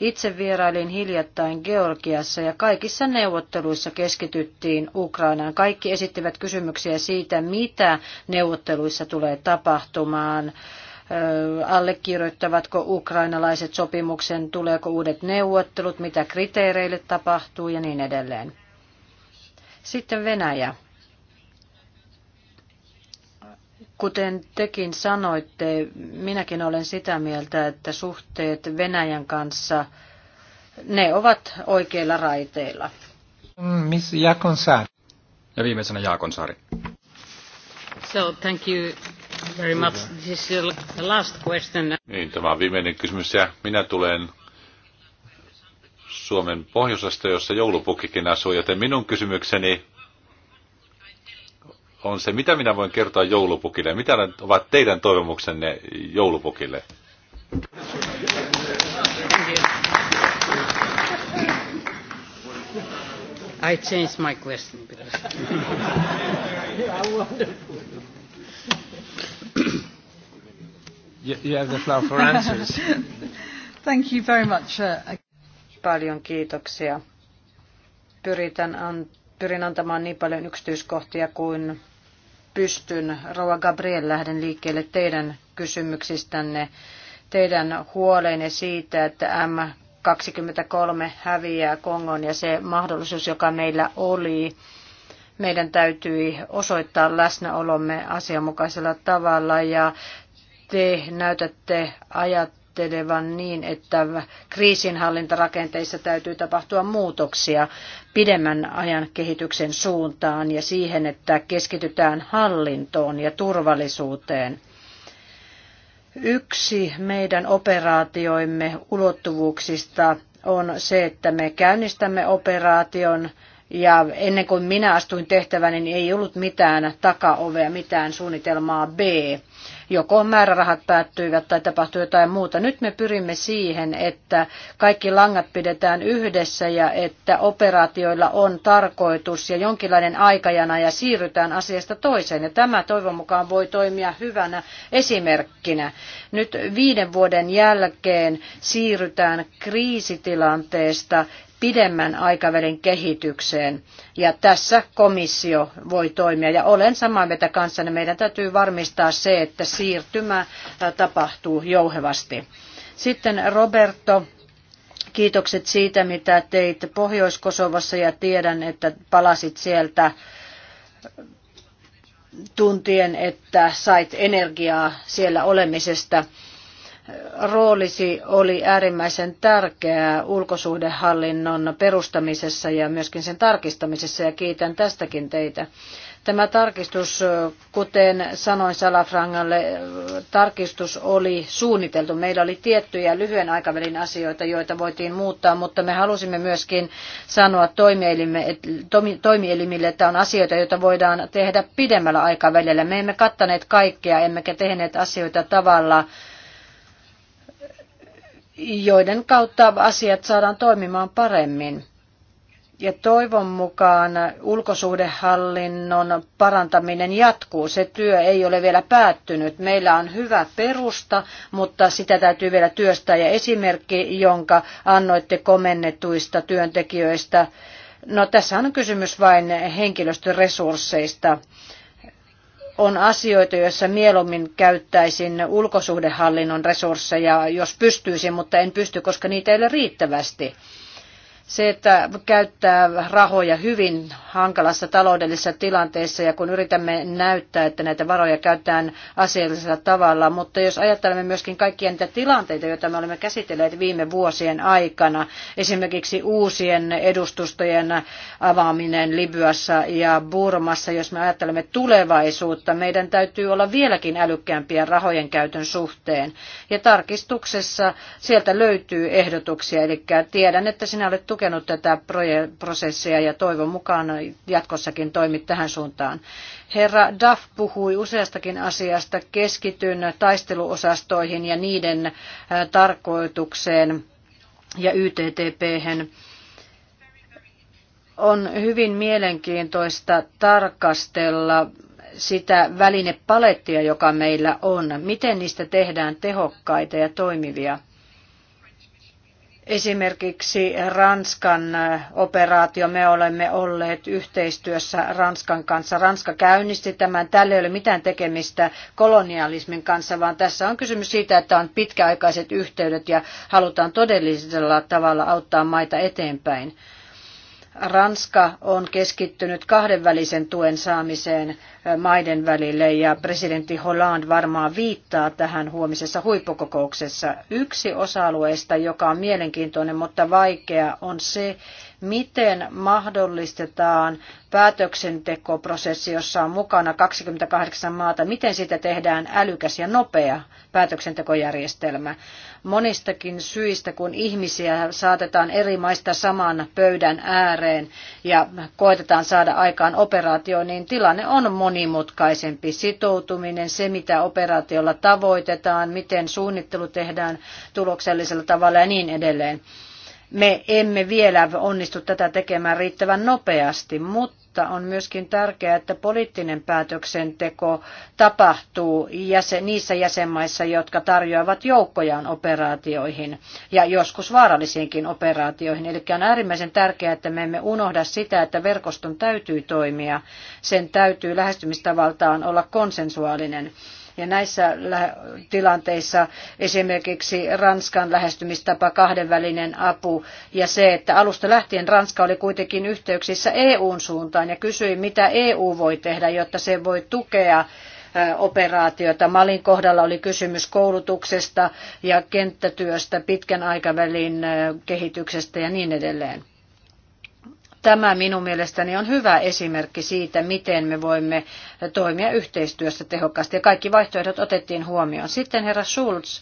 Itse vierailin hiljattain Georgiassa ja kaikissa neuvotteluissa keskityttiin Ukrainaan. Kaikki esittivät kysymyksiä siitä, mitä neuvotteluissa tulee tapahtumaan allekirjoittavatko ukrainalaiset sopimuksen, tuleeko uudet neuvottelut, mitä kriteereille tapahtuu ja niin edelleen. Sitten Venäjä. Kuten tekin sanoitte, minäkin olen sitä mieltä, että suhteet Venäjän kanssa, ne ovat oikeilla raiteilla. Miss Jaakonsaari. Ja viimeisenä Jaakonsaari. So, thank you very much. This is the last question. Niin, tämä on viimeinen kysymys ja minä tulen Suomen pohjoisesta, jossa joulupukkikin asuu, joten minun kysymykseni on se, mitä minä voin kertoa joulupukille. Mitä ovat teidän toivomuksenne joulupukille? I changed my question You have the floor for answers. Thank you very much. Uh, paljon kiitoksia. Pyritän an, pyrin antamaan niin paljon yksityiskohtia kuin pystyn. Rova Gabriel, lähden liikkeelle teidän kysymyksistänne, teidän huoleenne siitä, että M23 häviää Kongon ja se mahdollisuus, joka meillä oli meidän täytyi osoittaa läsnäolomme asianmukaisella tavalla ja te näytätte ajattelevan niin, että kriisinhallintarakenteissa täytyy tapahtua muutoksia pidemmän ajan kehityksen suuntaan ja siihen, että keskitytään hallintoon ja turvallisuuteen. Yksi meidän operaatioimme ulottuvuuksista on se, että me käynnistämme operaation – ja ennen kuin minä astuin tehtäväni, niin ei ollut mitään takaovea, mitään suunnitelmaa B. Joko määrärahat päättyivät tai tapahtui jotain muuta. Nyt me pyrimme siihen, että kaikki langat pidetään yhdessä ja että operaatioilla on tarkoitus ja jonkinlainen aikajana ja siirrytään asiasta toiseen. Ja tämä toivon mukaan voi toimia hyvänä esimerkkinä. Nyt viiden vuoden jälkeen siirrytään kriisitilanteesta pidemmän aikavälin kehitykseen. Ja tässä komissio voi toimia. Ja olen samaa mieltä kanssanne. Meidän täytyy varmistaa se, että siirtymä tapahtuu jouhevasti. Sitten Roberto, kiitokset siitä, mitä teit Pohjois-Kosovassa ja tiedän, että palasit sieltä tuntien, että sait energiaa siellä olemisesta roolisi oli äärimmäisen tärkeää ulkosuhdehallinnon perustamisessa ja myöskin sen tarkistamisessa ja kiitän tästäkin teitä. Tämä tarkistus, kuten sanoin Salafrangalle, tarkistus oli suunniteltu. Meillä oli tiettyjä lyhyen aikavälin asioita, joita voitiin muuttaa, mutta me halusimme myöskin sanoa toimielimille, että on asioita, joita voidaan tehdä pidemmällä aikavälillä. Me emme kattaneet kaikkea, emmekä tehneet asioita tavalla, joiden kautta asiat saadaan toimimaan paremmin. Ja toivon mukaan ulkosuhdehallinnon parantaminen jatkuu. Se työ ei ole vielä päättynyt. Meillä on hyvä perusta, mutta sitä täytyy vielä työstää. Ja esimerkki, jonka annoitte komennetuista työntekijöistä, No tässä on kysymys vain henkilöstöresursseista on asioita, joissa mieluummin käyttäisin ulkosuhdehallinnon resursseja, jos pystyisin, mutta en pysty, koska niitä ei ole riittävästi se, että käyttää rahoja hyvin hankalassa taloudellisessa tilanteessa ja kun yritämme näyttää, että näitä varoja käytetään asiallisella tavalla, mutta jos ajattelemme myöskin kaikkia niitä tilanteita, joita me olemme käsitelleet viime vuosien aikana, esimerkiksi uusien edustustojen avaaminen Libyassa ja Burmassa, jos me ajattelemme tulevaisuutta, meidän täytyy olla vieläkin älykkäämpiä rahojen käytön suhteen. Ja tarkistuksessa sieltä löytyy ehdotuksia, eli tiedän, että sinä olet tukenut tätä prosessia ja toivon mukaan jatkossakin toimit tähän suuntaan. Herra Duff puhui useastakin asiasta. Keskityn taisteluosastoihin ja niiden äh, tarkoitukseen ja YTTP. -hän on hyvin mielenkiintoista tarkastella sitä välinepalettia, joka meillä on. Miten niistä tehdään tehokkaita ja toimivia? Esimerkiksi Ranskan operaatio, me olemme olleet yhteistyössä Ranskan kanssa. Ranska käynnisti tämän. Tällä ei ole mitään tekemistä kolonialismin kanssa, vaan tässä on kysymys siitä, että on pitkäaikaiset yhteydet ja halutaan todellisella tavalla auttaa maita eteenpäin. Ranska on keskittynyt kahdenvälisen tuen saamiseen maiden välille ja presidentti Hollande varmaan viittaa tähän huomisessa huippukokouksessa. Yksi osa-alueista, joka on mielenkiintoinen, mutta vaikea, on se, miten mahdollistetaan päätöksentekoprosessi, jossa on mukana 28 maata, miten siitä tehdään älykäs ja nopea päätöksentekojärjestelmä. Monistakin syistä, kun ihmisiä saatetaan eri maista saman pöydän ääreen ja koetetaan saada aikaan operaatio, niin tilanne on monimutkaisempi. Sitoutuminen, se mitä operaatiolla tavoitetaan, miten suunnittelu tehdään tuloksellisella tavalla ja niin edelleen. Me emme vielä onnistu tätä tekemään riittävän nopeasti, mutta on myöskin tärkeää, että poliittinen päätöksenteko tapahtuu jäsen, niissä jäsenmaissa, jotka tarjoavat joukkojaan operaatioihin ja joskus vaarallisiinkin operaatioihin. Eli on äärimmäisen tärkeää, että me emme unohda sitä, että verkoston täytyy toimia. Sen täytyy lähestymistavaltaan olla konsensuaalinen ja näissä tilanteissa esimerkiksi Ranskan lähestymistapa, kahdenvälinen apu ja se, että alusta lähtien Ranska oli kuitenkin yhteyksissä EUn suuntaan ja kysyi, mitä EU voi tehdä, jotta se voi tukea operaatiota. Malin kohdalla oli kysymys koulutuksesta ja kenttätyöstä, pitkän aikavälin kehityksestä ja niin edelleen. Tämä minun mielestäni on hyvä esimerkki siitä, miten me voimme toimia yhteistyössä tehokkaasti. Ja kaikki vaihtoehdot otettiin huomioon. Sitten herra Schulz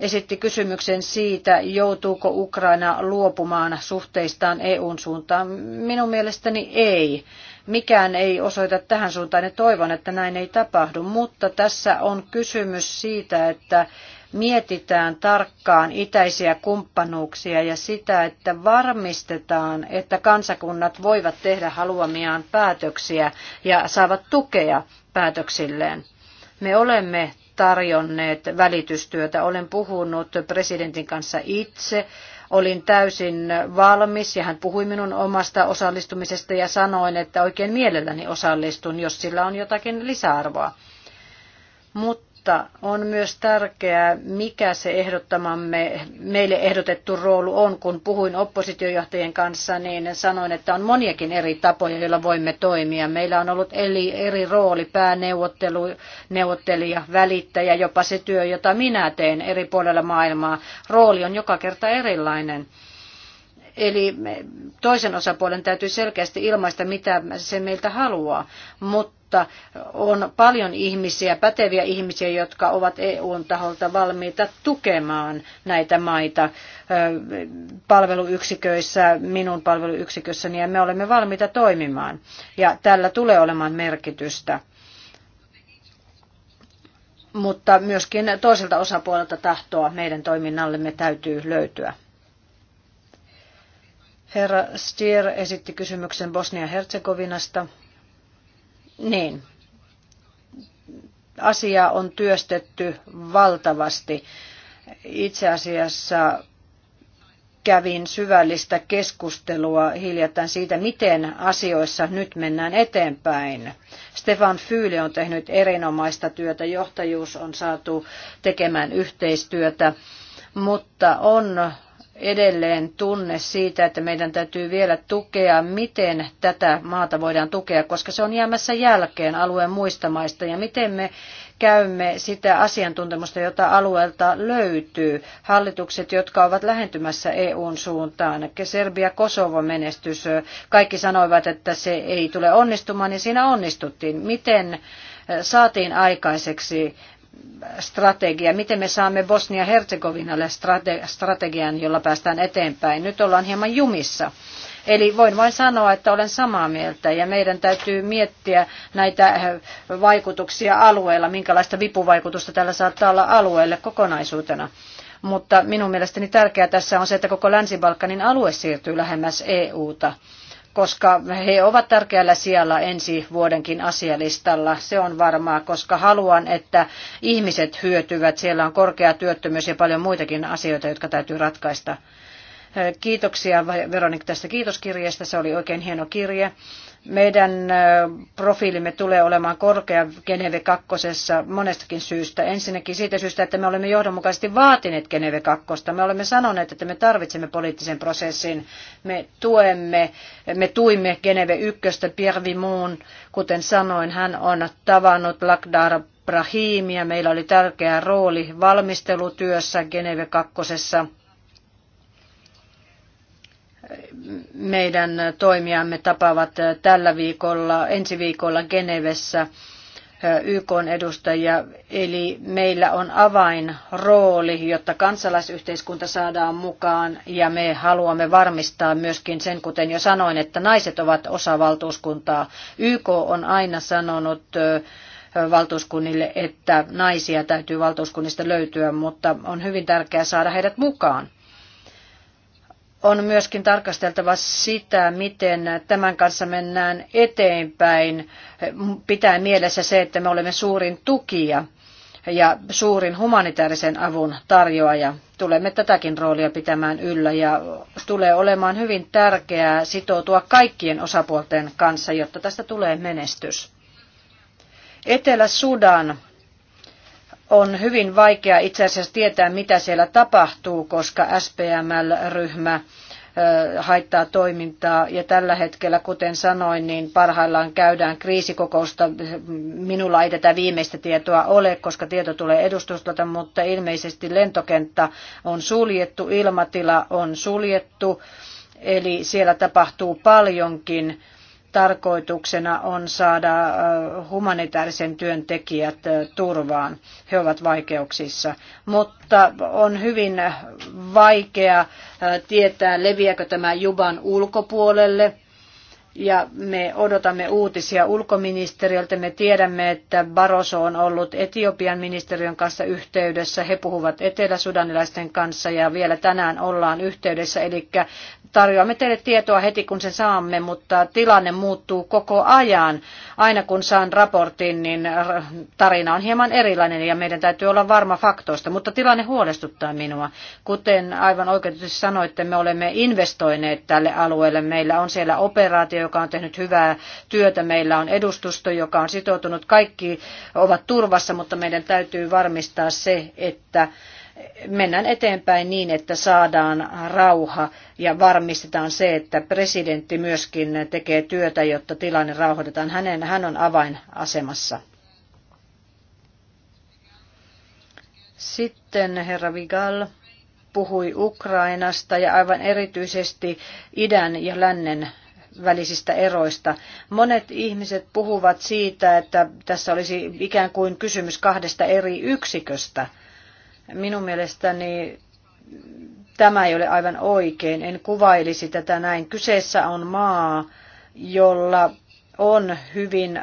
esitti kysymyksen siitä, joutuuko Ukraina luopumaan suhteistaan EUn suuntaan. Minun mielestäni ei. Mikään ei osoita tähän suuntaan ja toivon, että näin ei tapahdu, mutta tässä on kysymys siitä, että mietitään tarkkaan itäisiä kumppanuuksia ja sitä, että varmistetaan, että kansakunnat voivat tehdä haluamiaan päätöksiä ja saavat tukea päätöksilleen. Me olemme tarjonneet välitystyötä. Olen puhunut presidentin kanssa itse. Olin täysin valmis ja hän puhui minun omasta osallistumisesta ja sanoin, että oikein mielelläni osallistun, jos sillä on jotakin lisäarvoa. Mutta mutta on myös tärkeää, mikä se ehdottamamme, meille ehdotettu rooli on. Kun puhuin oppositiojohtajien kanssa, niin sanoin, että on moniakin eri tapoja, joilla voimme toimia. Meillä on ollut eli eri rooli, pääneuvottelu, neuvottelija, välittäjä, jopa se työ, jota minä teen eri puolella maailmaa. Rooli on joka kerta erilainen. Eli toisen osapuolen täytyy selkeästi ilmaista, mitä se meiltä haluaa. Mutta mutta on paljon ihmisiä, päteviä ihmisiä, jotka ovat EUn taholta valmiita tukemaan näitä maita palveluyksiköissä, minun palveluyksikössäni, ja me olemme valmiita toimimaan. Ja tällä tulee olemaan merkitystä mutta myöskin toiselta osapuolelta tahtoa meidän toiminnallemme täytyy löytyä. Herra Stier esitti kysymyksen Bosnia-Herzegovinasta. Niin. Asia on työstetty valtavasti. Itse asiassa kävin syvällistä keskustelua hiljattain siitä, miten asioissa nyt mennään eteenpäin. Stefan Fyyli on tehnyt erinomaista työtä, johtajuus on saatu tekemään yhteistyötä, mutta on edelleen tunne siitä, että meidän täytyy vielä tukea, miten tätä maata voidaan tukea, koska se on jäämässä jälkeen alueen muista maista ja miten me käymme sitä asiantuntemusta, jota alueelta löytyy. Hallitukset, jotka ovat lähentymässä EUn suuntaan, Serbia-Kosovo-menestys, kaikki sanoivat, että se ei tule onnistumaan, niin siinä onnistuttiin. Miten eh, saatiin aikaiseksi strategia, miten me saamme Bosnia-Herzegovinalle strategian, jolla päästään eteenpäin. Nyt ollaan hieman jumissa. Eli voin vain sanoa, että olen samaa mieltä ja meidän täytyy miettiä näitä eh, vaikutuksia alueella, minkälaista vipuvaikutusta tällä saattaa olla alueelle kokonaisuutena. Mutta minun mielestäni tärkeää tässä on se, että koko Länsi-Balkanin alue siirtyy lähemmäs EUta koska he ovat tärkeällä sijalla ensi vuodenkin asialistalla. Se on varmaa, koska haluan, että ihmiset hyötyvät. Siellä on korkea työttömyys ja paljon muitakin asioita, jotka täytyy ratkaista. Kiitoksia Veronik tästä kiitoskirjeestä. Se oli oikein hieno kirje. Meidän profiilimme tulee olemaan korkea Geneve 2 monestakin syystä. Ensinnäkin siitä syystä, että me olemme johdonmukaisesti vaatineet Geneve 2. Me olemme sanoneet, että me tarvitsemme poliittisen prosessin. Me tuemme, me tuimme Geneve 1. Pierre Vimoun, kuten sanoin, hän on tavannut Lakdar Brahimia. Meillä oli tärkeä rooli valmistelutyössä Geneve 2 meidän toimijamme tapaavat tällä viikolla, ensi viikolla Genevessä YK edustajia. Eli meillä on avainrooli, jotta kansalaisyhteiskunta saadaan mukaan ja me haluamme varmistaa myöskin sen, kuten jo sanoin, että naiset ovat osa valtuuskuntaa. YK on aina sanonut, valtuuskunnille, että naisia täytyy valtuuskunnista löytyä, mutta on hyvin tärkeää saada heidät mukaan on myöskin tarkasteltava sitä, miten tämän kanssa mennään eteenpäin, pitää mielessä se, että me olemme suurin tukija ja suurin humanitaarisen avun tarjoaja. Tulemme tätäkin roolia pitämään yllä ja tulee olemaan hyvin tärkeää sitoutua kaikkien osapuolten kanssa, jotta tästä tulee menestys. Etelä-Sudan on hyvin vaikea itse asiassa tietää, mitä siellä tapahtuu, koska SPML-ryhmä haittaa toimintaa. Ja tällä hetkellä, kuten sanoin, niin parhaillaan käydään kriisikokousta. Minulla ei tätä viimeistä tietoa ole, koska tieto tulee edustustolta, mutta ilmeisesti lentokenttä on suljettu, ilmatila on suljettu. Eli siellä tapahtuu paljonkin tarkoituksena on saada humanitaarisen työntekijät turvaan. He ovat vaikeuksissa. Mutta on hyvin vaikea tietää, leviääkö tämä Juban ulkopuolelle – ja me odotamme uutisia ulkoministeriöltä. Me tiedämme, että Barroso on ollut Etiopian ministeriön kanssa yhteydessä. He puhuvat eteläsudanilaisten kanssa ja vielä tänään ollaan yhteydessä. Eli tarjoamme teille tietoa heti, kun sen saamme, mutta tilanne muuttuu koko ajan. Aina kun saan raportin, niin tarina on hieman erilainen ja meidän täytyy olla varma faktoista. Mutta tilanne huolestuttaa minua. Kuten aivan oikeutetusti sanoitte, me olemme investoineet tälle alueelle. Meillä on siellä operaatio Kroatia, joka on tehnyt hyvää työtä. Meillä on edustusto, joka on sitoutunut. Kaikki ovat turvassa, mutta meidän täytyy varmistaa se, että mennään eteenpäin niin, että saadaan rauha ja varmistetaan se, että presidentti myöskin tekee työtä, jotta tilanne rauhoitetaan. Hänen, hän on avainasemassa. Sitten herra Vigal puhui Ukrainasta ja aivan erityisesti idän ja lännen välisistä eroista. Monet ihmiset puhuvat siitä, että tässä olisi ikään kuin kysymys kahdesta eri yksiköstä. Minun mielestäni tämä ei ole aivan oikein. En kuvailisi tätä näin. Kyseessä on maa, jolla on hyvin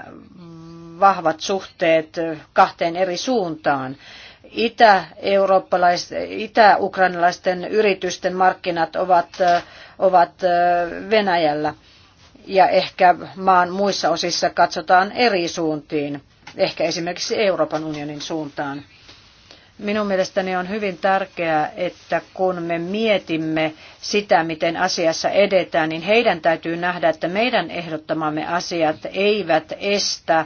vahvat suhteet kahteen eri suuntaan. Itä-ukrainalaisten itä yritysten markkinat ovat, ovat Venäjällä ja ehkä maan muissa osissa katsotaan eri suuntiin, ehkä esimerkiksi Euroopan unionin suuntaan. Minun mielestäni on hyvin tärkeää, että kun me mietimme sitä, miten asiassa edetään, niin heidän täytyy nähdä, että meidän ehdottamamme asiat eivät estä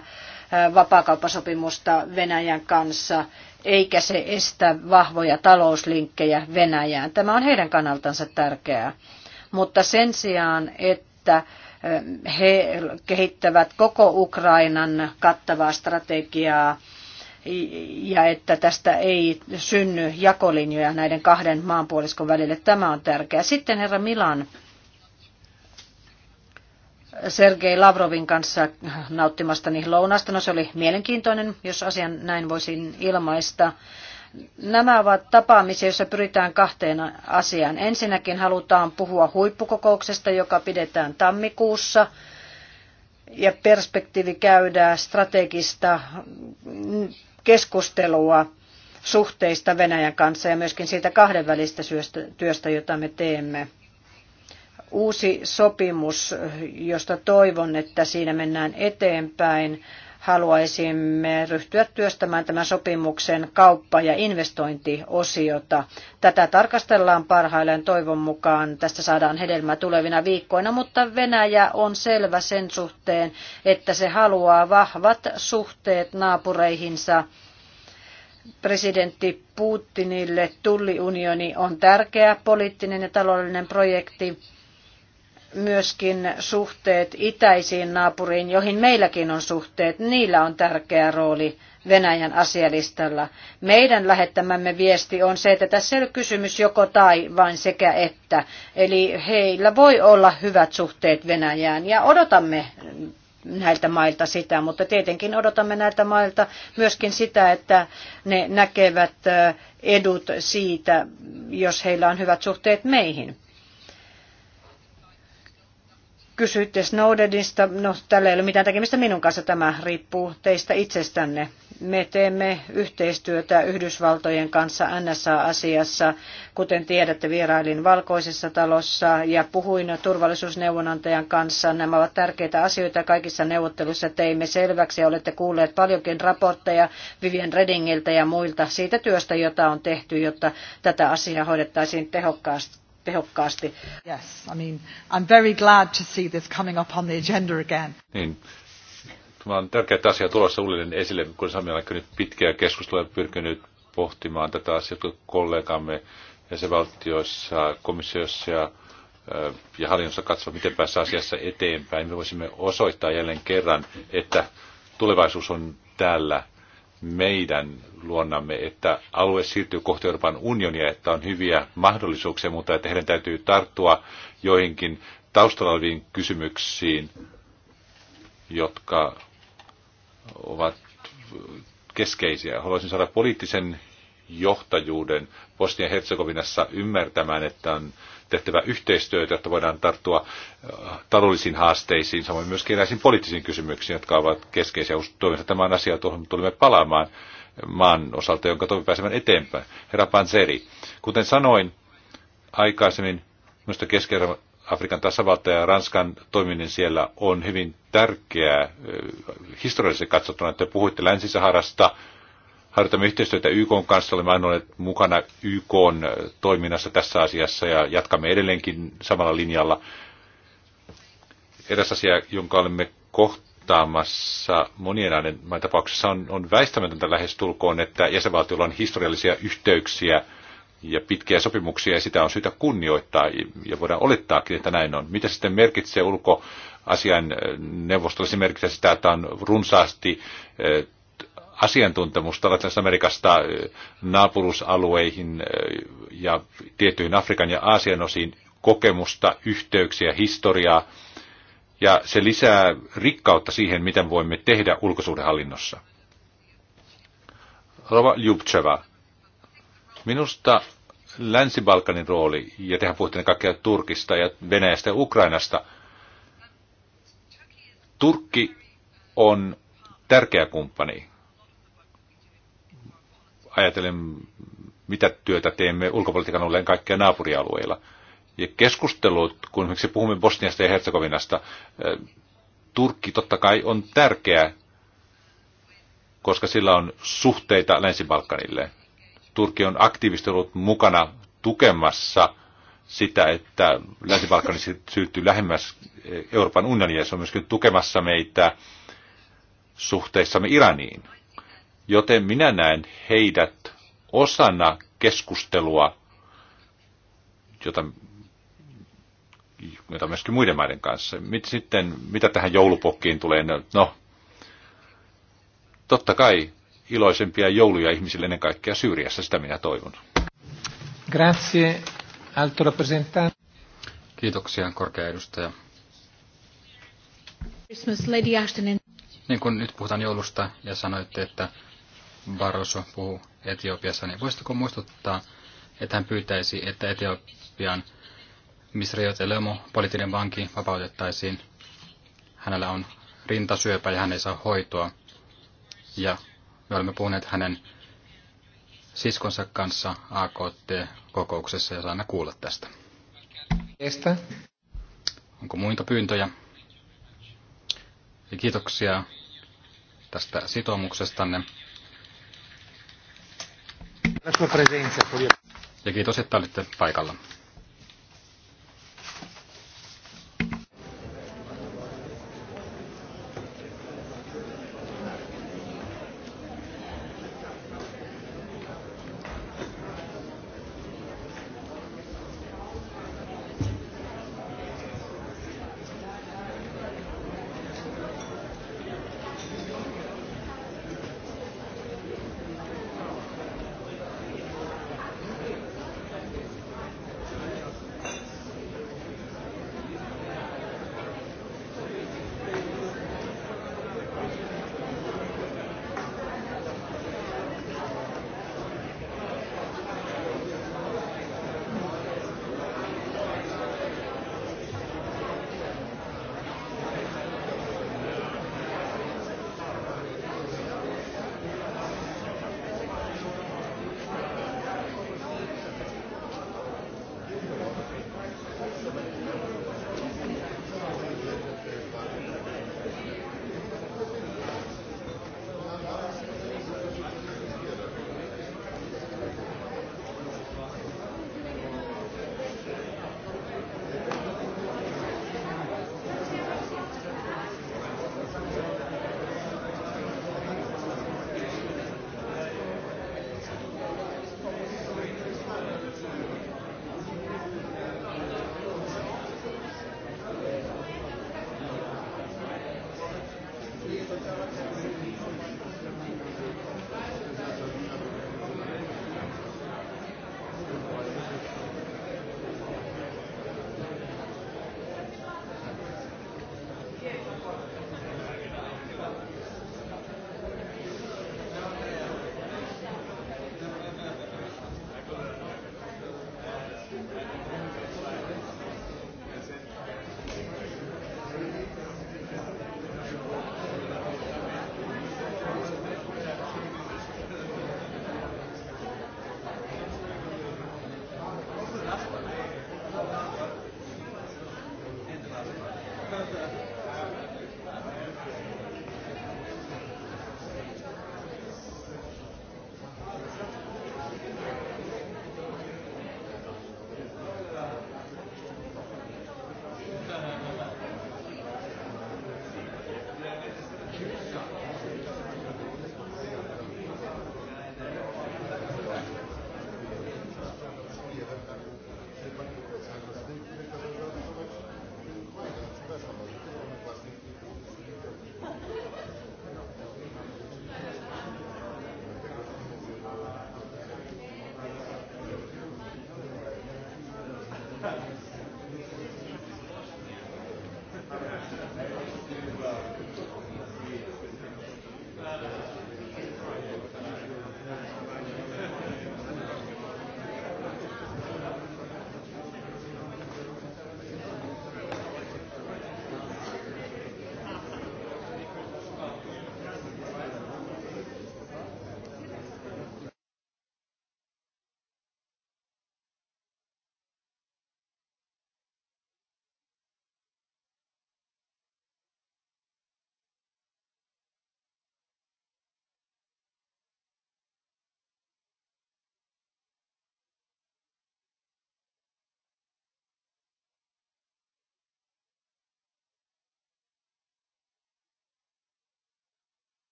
vapaakauppasopimusta Venäjän kanssa, eikä se estä vahvoja talouslinkkejä Venäjään. Tämä on heidän kannaltansa tärkeää. Mutta sen sijaan, että että he kehittävät koko Ukrainan kattavaa strategiaa ja että tästä ei synny jakolinjoja näiden kahden maanpuoliskon välille. Tämä on tärkeää. Sitten herra Milan Sergei Lavrovin kanssa nauttimastani lounasta. No se oli mielenkiintoinen, jos asian näin voisin ilmaista. Nämä ovat tapaamisia, joissa pyritään kahteen asiaan. Ensinnäkin halutaan puhua huippukokouksesta, joka pidetään tammikuussa ja perspektiivi käydään strategista keskustelua suhteista Venäjän kanssa ja myöskin siitä kahdenvälistä työstä, jota me teemme. Uusi sopimus, josta toivon, että siinä mennään eteenpäin, haluaisimme ryhtyä työstämään tämän sopimuksen kauppa- ja investointiosiota. Tätä tarkastellaan parhaillaan toivon mukaan. Tästä saadaan hedelmää tulevina viikkoina, mutta Venäjä on selvä sen suhteen, että se haluaa vahvat suhteet naapureihinsa presidentti Putinille tulliunioni on tärkeä poliittinen ja taloudellinen projekti myöskin suhteet itäisiin naapuriin, joihin meilläkin on suhteet, niillä on tärkeä rooli Venäjän asialistalla. Meidän lähettämämme viesti on se, että tässä ei ole kysymys joko tai, vaan sekä että. Eli heillä voi olla hyvät suhteet Venäjään ja odotamme näiltä mailta sitä, mutta tietenkin odotamme näiltä mailta myöskin sitä, että ne näkevät edut siitä, jos heillä on hyvät suhteet meihin. Kysyitte Snowdenista, no tällä ei ole mitään tekemistä minun kanssa, tämä riippuu teistä itsestänne. Me teemme yhteistyötä Yhdysvaltojen kanssa NSA-asiassa. Kuten tiedätte, vierailin Valkoisessa talossa ja puhuin turvallisuusneuvonantajan kanssa. Nämä ovat tärkeitä asioita kaikissa neuvotteluissa teimme selväksi ja olette kuulleet paljonkin raportteja Vivien Redingiltä ja muilta siitä työstä, jota on tehty, jotta tätä asiaa hoidettaisiin tehokkaasti tehokkaasti. Yes, I mean, I'm very glad to see this coming up on the agenda again. Niin. Tämä on tärkeä asia tulossa uudelleen esille, kun Sami on nyt pitkiä keskustelua pyrkinyt pohtimaan tätä asiaa kollegamme jäsenvaltioissa, komissiossa ja, ja hallinnossa katsoa, miten päässä asiassa eteenpäin. Me voisimme osoittaa jälleen kerran, että tulevaisuus on täällä meidän luonnamme, että alue siirtyy kohti Euroopan unionia, että on hyviä mahdollisuuksia, mutta että heidän täytyy tarttua joihinkin taustalla oleviin kysymyksiin, jotka ovat keskeisiä. Haluaisin saada poliittisen johtajuuden Bosnia-Herzegovinassa ymmärtämään, että on tehtävä yhteistyötä, jotta voidaan tarttua äh, taloudellisiin haasteisiin, samoin myöskin eräisiin poliittisiin kysymyksiin, jotka ovat keskeisiä. Toivottavasti tämä on asia, tuohon tulimme palaamaan maan osalta, jonka toivon pääsemään eteenpäin. Herra Panzeri, kuten sanoin aikaisemmin, minusta keski Afrikan tasavalta ja Ranskan toiminen siellä on hyvin tärkeää äh, historiallisesti katsottuna, että puhuitte Länsi-Saharasta, harjoitamme yhteistyötä YK kanssa. Olemme aina olleet mukana YK toiminnassa tässä asiassa ja jatkamme edelleenkin samalla linjalla. Eräs asia, jonka olemme kohtaamassa monien näiden tapauksessa on, on väistämätöntä lähestulkoon, että jäsenvaltiolla on historiallisia yhteyksiä ja pitkiä sopimuksia, ja sitä on syytä kunnioittaa, ja voidaan olettaakin, että näin on. Mitä sitten merkitsee ulkoasian neuvostolle? Se merkitsee sitä, että on runsaasti asiantuntemusta Latinalaisesta Amerikasta naapurusalueihin ja tiettyihin Afrikan ja Aasian osiin kokemusta, yhteyksiä, historiaa. Ja se lisää rikkautta siihen, miten voimme tehdä ulkosuhdehallinnossa. Rova Ljubcheva, minusta Länsi-Balkanin rooli, ja tehän puhutte kaikkea Turkista ja Venäjästä ja Ukrainasta, Turkki on tärkeä kumppani ajatellen, mitä työtä teemme ulkopolitiikan ollen kaikkia naapurialueilla. Ja keskustelut, kun esimerkiksi puhumme Bosniasta ja Herzegovinasta, Turkki totta kai on tärkeä, koska sillä on suhteita Länsi-Balkanille. Turkki on aktiivisesti ollut mukana tukemassa sitä, että Länsi-Balkani syyttyy lähemmäs Euroopan unionia ja se on myöskin tukemassa meitä suhteissamme Iraniin. Joten minä näen heidät osana keskustelua, jota, jota myöskin muiden maiden kanssa. Mit sitten, mitä tähän joulupokkiin tulee? No, no, totta kai iloisempia jouluja ihmisille ennen kaikkea Syyriassa, sitä minä toivon. Grazie, alto rappresentante. Kiitoksia, korkea edustaja. Niin kuin nyt puhutaan joulusta ja sanoitte, että Barroso puhuu Etiopiassa, niin voisitko muistuttaa, että hän pyytäisi, että Etiopian Misriot Telemo, poliittinen vanki, vapautettaisiin. Hänellä on rintasyöpä ja hän ei saa hoitoa. Ja me olemme puhuneet hänen siskonsa kanssa AKT-kokouksessa ja saamme kuulla tästä. Estä. Onko muita pyyntöjä? Ja kiitoksia tästä sitoumuksestanne. Ja kiitos, että olitte paikalla.